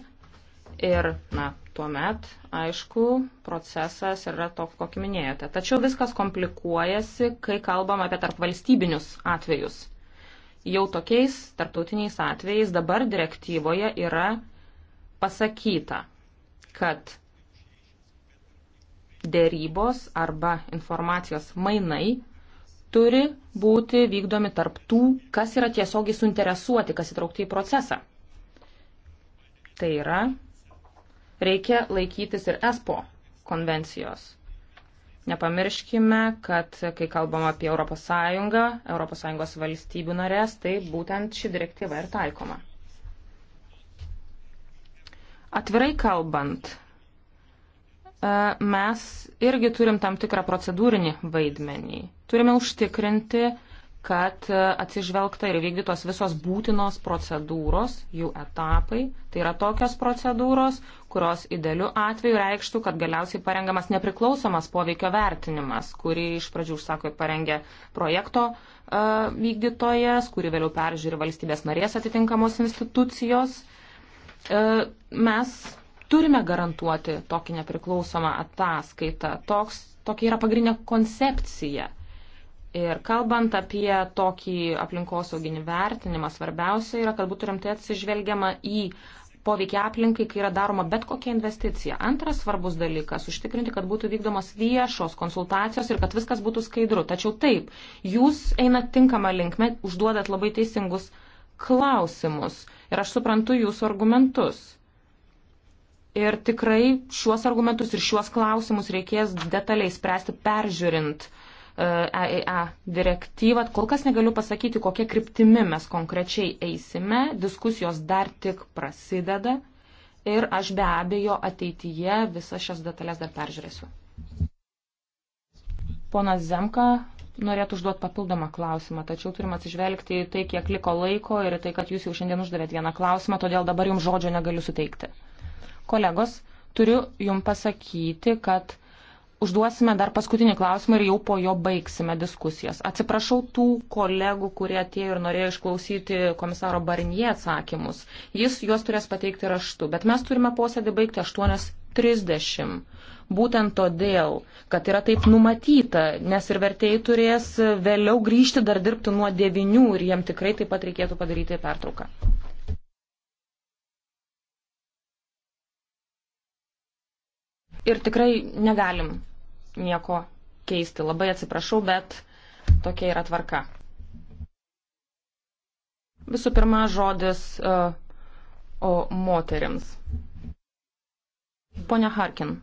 ir, na, tuo met, aišku, procesas yra toks, kokį minėjote. Tačiau viskas komplikuojasi, kai kalbam apie tarpvalstybinius atvejus jau tokiais tarptautiniais atvejais dabar direktyvoje yra pasakyta, kad dėrybos arba informacijos mainai turi būti vykdomi tarptų, kas yra tiesiogiai suinteresuoti, kas įtraukti į procesą. Tai yra, reikia laikytis ir ESPO konvencijos. Nepamirškime, kad kai kalbam apie ES, ES valstybių narės, tai būtent ši direktyva ir taikoma. Atvirai kalbant, e, mes irgi turim tam tikrą procedūrinį vaidmenį. Turime užtikrinti, kad e, atsižvelgta ir vykdytos visos būtinos procedūros, jų etapai. Tai yra tokios procedūros, kurios idealiu atveju reikštų, kad galiausiai parengamas nepriklausomas poveikio vertinimas, kurį iš pradžių užsako ir parengė projekto e, vykdytojas, kurį vėliau peržiūri valstybės narės atitinkamos institucijos. E, mes turime garantuoti tokį nepriklausomą ataskaitą. Toks, tokia yra pagrindinė koncepcija. Ir kalbant apie tokį aplinkosauginį vertinimą, svarbiausia yra, kad būtų rimtai atsižvelgiama į poveikia aplinkai, kai yra daroma bet kokia investicija. Antras svarbus dalykas - užtikrinti, kad būtų vykdomos viešos konsultacijos ir kad viskas būtų skaidru. Tačiau taip, jūs einat tinkamą linkmę, užduodat labai teisingus klausimus ir aš suprantu jūsų argumentus. Ir tikrai šiuos argumentus ir šiuos klausimus reikės detaliai spręsti peržiūrint EIA e direktyvą. Kol kas negaliu pasakyti, kokie kryptimi mes konkrečiai eisime. Diskusijos dar tik prasideda ir aš be abejo ateityje visas šias detalės dar peržiūrėsiu. Ponas Zemka norėtų užduoti papildomą klausimą, tačiau turim atsižvelgti į tai, kiek liko laiko ir tai, kad jūs jau šiandien uždavėt vieną klausimą, todėl dabar jums žodžio negaliu suteikti. Kolegos, turiu jums pasakyti, kad uh, užduosime dar paskutinį klausimą ir jau po jo baigsime diskusijas. Atsiprašau tų kolegų, kurie atėjo ir norėjo išklausyti komisaro Barnie atsakymus. Jis juos turės pateikti raštu, bet mes turime posėdį baigti 8.30. Būtent todėl, kad yra taip numatyta, nes ir vertėjai turės vėliau grįžti dar dirbti nuo 9 ir jiem tikrai taip pat reikėtų padaryti pertrauką. Ir tikrai negalim nieko keisti. Labai atsiprašau, bet tokia yra tvarka. Visų pirma, žodis uh, o moteriams. Pone Harkin.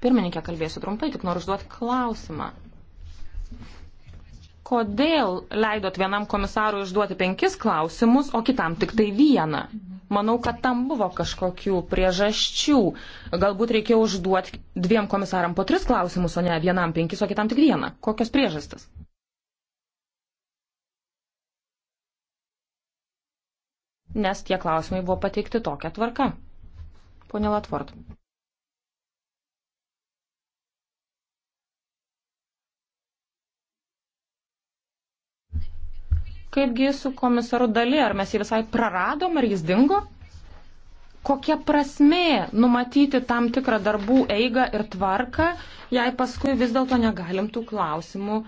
Pirmininkė, kalbėsiu trumpai, tik noriu užduoti klausimą kodėl leidot vienam komisarui užduoti penkis klausimus, o kitam tik tai vieną? Manau, kad tam buvo kažkokių priežasčių. Galbūt reikėjo užduoti dviem komisaram po tris klausimus, o ne vienam penkis, o kitam tik vieną. Kokios priežastis? Nes tie klausimai buvo pateikti tokia tvarka. Pone Latvort. Kaipgi su komisaru Dali, ar mes jį visai praradom, ar jis dingo? Kokia prasmė numatyti tam tikrą darbų eigą ir tvarką, jei paskui vis dėlto negalim tų klausimų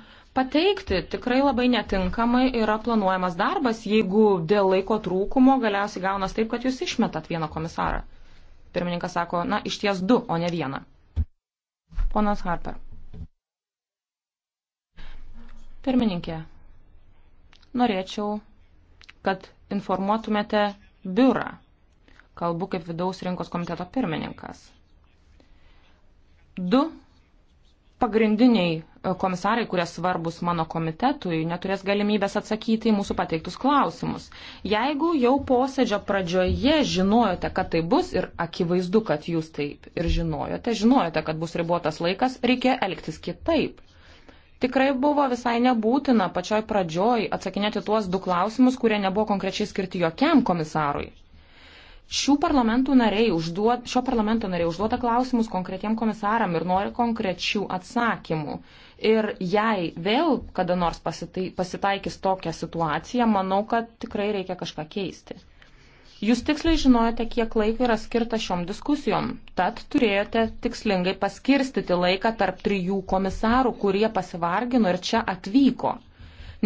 pateikti? Tikrai labai netinkamai yra planuojamas darbas, jeigu dėl laiko trūkumo galiausiai gaunas taip, kad jūs išmetat vieną komisarą. Pirmininkas sako, na, iš ties du, o ne vieną. Ponas Harper. Pirmininkė, norėčiau, kad informuotumėte biurą. Kalbu kaip vidaus rinkos komiteto pirmininkas. Du pagrindiniai e, komisarai, kurie svarbus mano komitetui, neturės galimybės atsakyti į mūsų pateiktus klausimus. Jeigu jau posėdžio pradžioje žinojote, kad tai bus ir akivaizdu, kad jūs taip ir žinojote, žinojote, kad bus ribotas laikas, reikia elgtis kitaip. Tikrai buvo visai nebūtina pačioj pradžioj atsakinėti tuos du klausimus, kurie nebuvo konkrečiai skirti jokiam komisarui. Šių parlamentų nariai užduod, šio parlamento nariai užduoda klausimus konkretiem komisaram ir nori konkrečių atsakymų. Ir jei vėl kada nors pasitai, pasitaikys tokią situaciją, manau, kad tikrai reikia kažką keisti. Jūs tiksliai žinojate, kiek laiko yra skirta šiom diskusijom, tad turėjote tikslingai paskirstyti laiką tarp trijų komisarų, kurie pasivargino ir čia atvyko.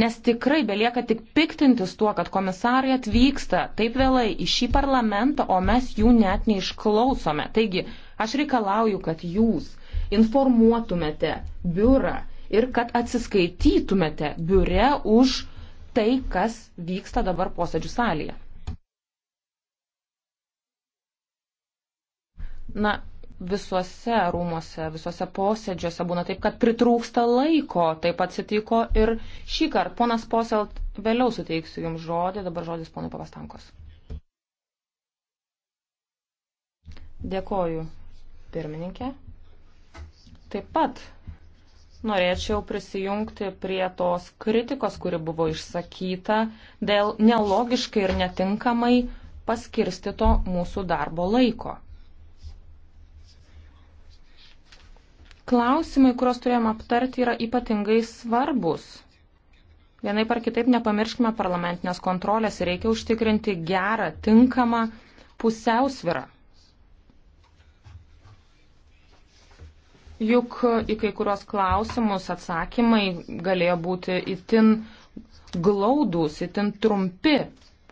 Nes tikrai belieka tik piktintis tuo, kad komisarai atvyksta taip vėlai į šį parlamentą, o mes jų net neišklausome. Taigi, aš reikalauju, kad jūs informuotumėte biurą ir kad atsiskaitytumėte biure už tai, kas vyksta dabar posėdžių salėje. na, visuose rūmose, visuose posėdžiuose būna taip, kad pritrūksta laiko. Taip atsitiko ir šį kartą. Ponas Poselt, vėliau suteiksiu Jums žodį, dabar žodis ponui Pavastankos. Dėkoju, pirmininkė. Taip pat norėčiau prisijungti prie tos kritikos, kuri buvo išsakyta dėl nelogiškai ir netinkamai paskirstito mūsų darbo laiko. klausimai, kuriuos turėjom aptarti, yra ypatingai svarbus. Vienaip ar kitaip nepamirškime parlamentinės kontrolės ir reikia užtikrinti gerą, tinkamą pusiausvirą. Juk į kai kurios klausimus atsakymai galėjo būti itin glaudus, itin trumpi,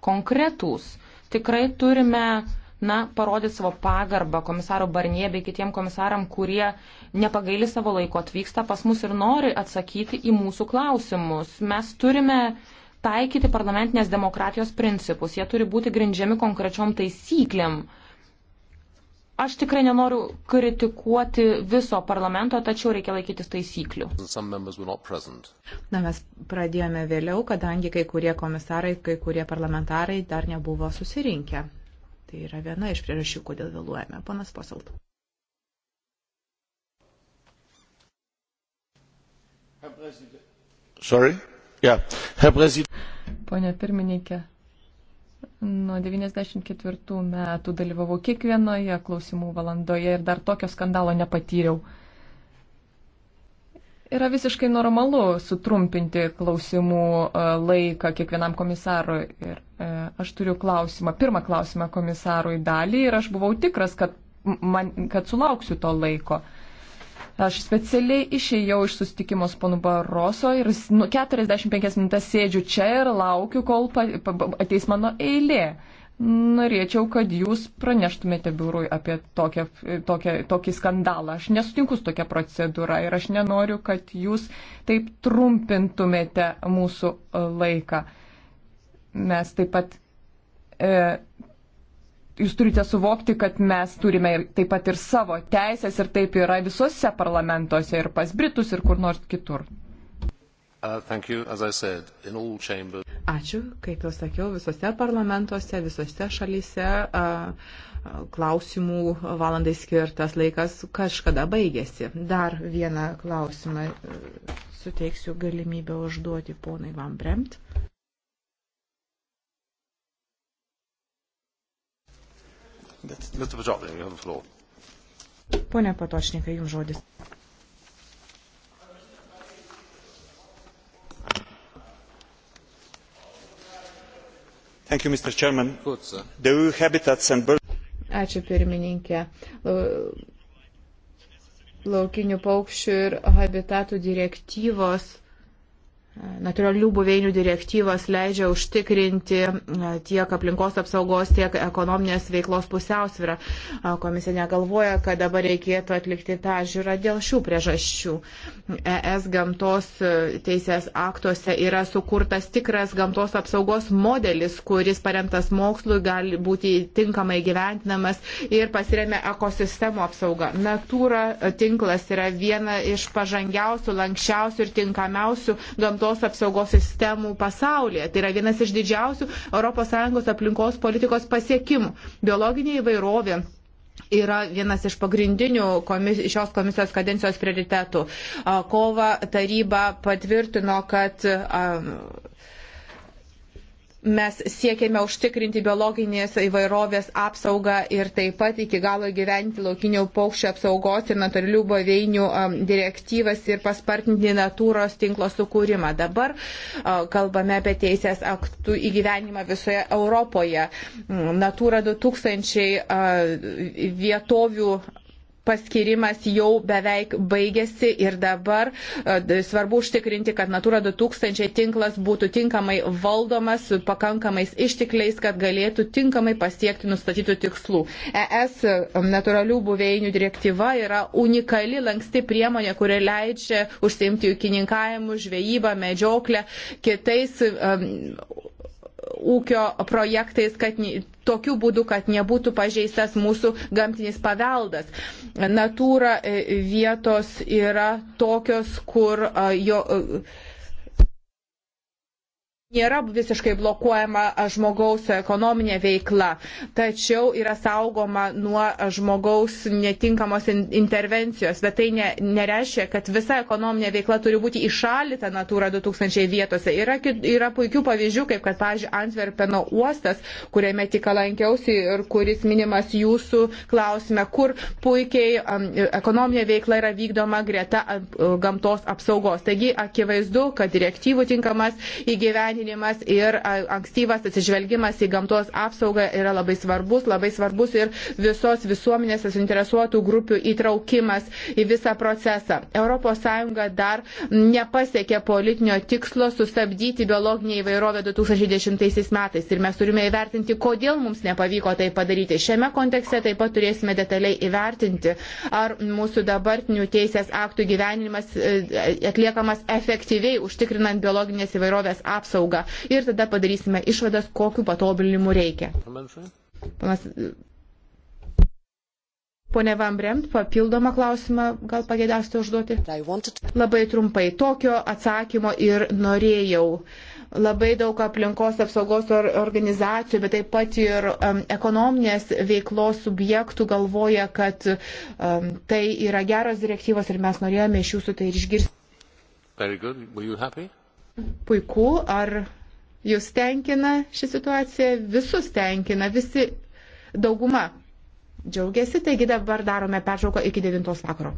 konkretūs. Tikrai turime na, parodyti savo pagarbą komisaro Barnie bei kitiem komisaram, kurie uh, nepagaili savo laiko atvyksta pas mus ir nori atsakyti į mūsų klausimus. Mes turime taikyti parlamentinės demokratijos principus. Jie turi būti grindžiami konkrečiom taisyklėm. Aš tikrai nenoriu kritikuoti viso parlamento, tačiau reikia laikytis taisyklių. Na, mes pradėjome vėliau, kadangi kai kurie komisarai, kai kurie parlamentarai dar nebuvo susirinkę. Tai yra viena iš priežasčių, kodėl vėluojame. Ponas Posalt. Pone pirmininkė, nuo 94 metų dalyvavau kiekvienoje klausimų valandoje ir dar tokio skandalo nepatyriau. Yra visiškai normalu sutrumpinti klausimų e, laiką kiekvienam komisarui. Ir e, aš turiu klausimą, pirmą klausimą komisarui dalį ir aš buvau tikras, kad, man, kad sulauksiu to laiko. Aš specialiai išėjau iš susitikimo su ponu Baroso ir nu, 45 minutės sėdžiu čia ir laukiu, kol pa, pa, ateis mano eilė. Norėčiau, kad jūs praneštumėte biurui apie tokią, tokią, tokį skandalą. Aš nesutinku su tokia procedūra ir aš nenoriu, kad jūs taip trumpintumėte mūsų laiką. Mes taip pat e, jūs turite suvokti, kad mes turime ir, taip pat ir savo teisės ir taip yra visose parlamentuose ir pas Britus ir kur nors kitur. Uh, you, said, Ačiū, kaip jau sakiau, visose parlamentuose, visose šalyse uh, uh, klausimų valandai skirtas laikas kažkada baigėsi. Dar vieną klausimą uh, suteiksiu galimybę užduoti ponai Van Bremt. Mr. Potočnik, you have the floor. Pone Patočnikai, jums žodis. You, Ačiū pirmininkė. Laukinių paukščių ir habitatų direktyvos Natūralių buveinių direktyvas leidžia užtikrinti e, tiek aplinkos apsaugos, tiek ekonominės veiklos pusiausvyrą. E, komisija negalvoja, kad dabar reikėtų atlikti tą žiūrą dėl šių priežasčių. ES gamtos e, teisės aktuose yra sukurtas tikras gamtos apsaugos modelis, kuris paremtas mokslui gali būti tinkamai gyventinamas ir pasiremia ekosistemų apsauga. Natūra tinklas yra viena iš pažangiausių, lankščiausių ir tinkamiausių gamtos gamtos apsaugos sistemų pasaulyje. Tai yra vienas iš didžiausių ES aplinkos politikos pasiekimų. Biologinė įvairovė yra vienas iš pagrindinių komis, šios komisijos kadencijos prioritetų. Kova taryba patvirtino, kad mes siekėme užtikrinti biologinės įvairovės apsaugą ir taip pat iki galo gyventi laukinių paukščių apsaugos ir natūralių buveinių um, direktyvas ir paspartinti natūros tinklo sukūrimą. Dabar uh, kalbame apie teisės aktų įgyvenimą visoje Europoje. Mm, Natūra 2000 uh, vietovių paskirimas jau beveik baigėsi ir dabar e, svarbu užtikrinti, kad Natura 2000 tinklas būtų tinkamai valdomas su pakankamais ištikliais, kad galėtų tinkamai pasiekti nustatytų tikslų. ES e, natūralių buveinių direktyva yra unikali lanksti priemonė, kuri leidžia užsiimti ūkininkavimu, žvejybą, medžioklę, kitais um, ūkio projektais, kad tokiu būdu, kad nebūtų pažeistas mūsų gamtinis paveldas. Natūra e, vietos yra tokios, kur jo nėra visiškai blokuojama žmogaus ekonominė veikla, tačiau yra saugoma nuo žmogaus netinkamos intervencijos. Bet tai ne, nereiškia, kad visa ekonominė veikla turi būti išalita Natūra 2000 vietose. Yra, yra puikių pavyzdžių, kaip kad, pavyzdžiui, Antverpeno uostas, kuriame tik lankiausi ir kuris minimas jūsų klausime, kur puikiai um, ekonominė veikla yra vykdoma greta um, gamtos apsaugos. Taigi, akivaizdu, kad direktyvų tinkamas įgyvenimas įgyvendinimas ir ankstyvas atsižvelgimas į gamtos apsaugą yra labai svarbus, labai svarbus ir visos visuomenės suinteresuotų grupių įtraukimas į visą procesą. ES dar nepasiekė politinio tikslo sustabdyti biologinį įvairovę 2010 metais ir mes turime įvertinti, kodėl mums nepavyko tai padaryti. Šiame kontekste taip pat turėsime detaliai įvertinti, ar mūsų dabartinių teisės aktų gyvenimas e, e, atliekamas efektyviai užtikrinant biologinės įvairovės apsaugą apsaugą ir tada padarysime išvadas, kokiu patobulinimu reikia. Panas, Pone Vambremt, papildomą klausimą gal pagėdėsite užduoti? Labai trumpai. Tokio atsakymo ir norėjau. Labai daug aplinkos apsaugos organizacijų, bet taip pat ir um, ekonominės veiklos subjektų galvoja, kad um, tai yra geros direktyvos ir mes norėjome iš jūsų tai ir išgirsti. Puiku, ar jūs tenkina ši situacija? Visus tenkina, visi dauguma džiaugiasi, taigi dabar darome peršauką iki 9 vakaro.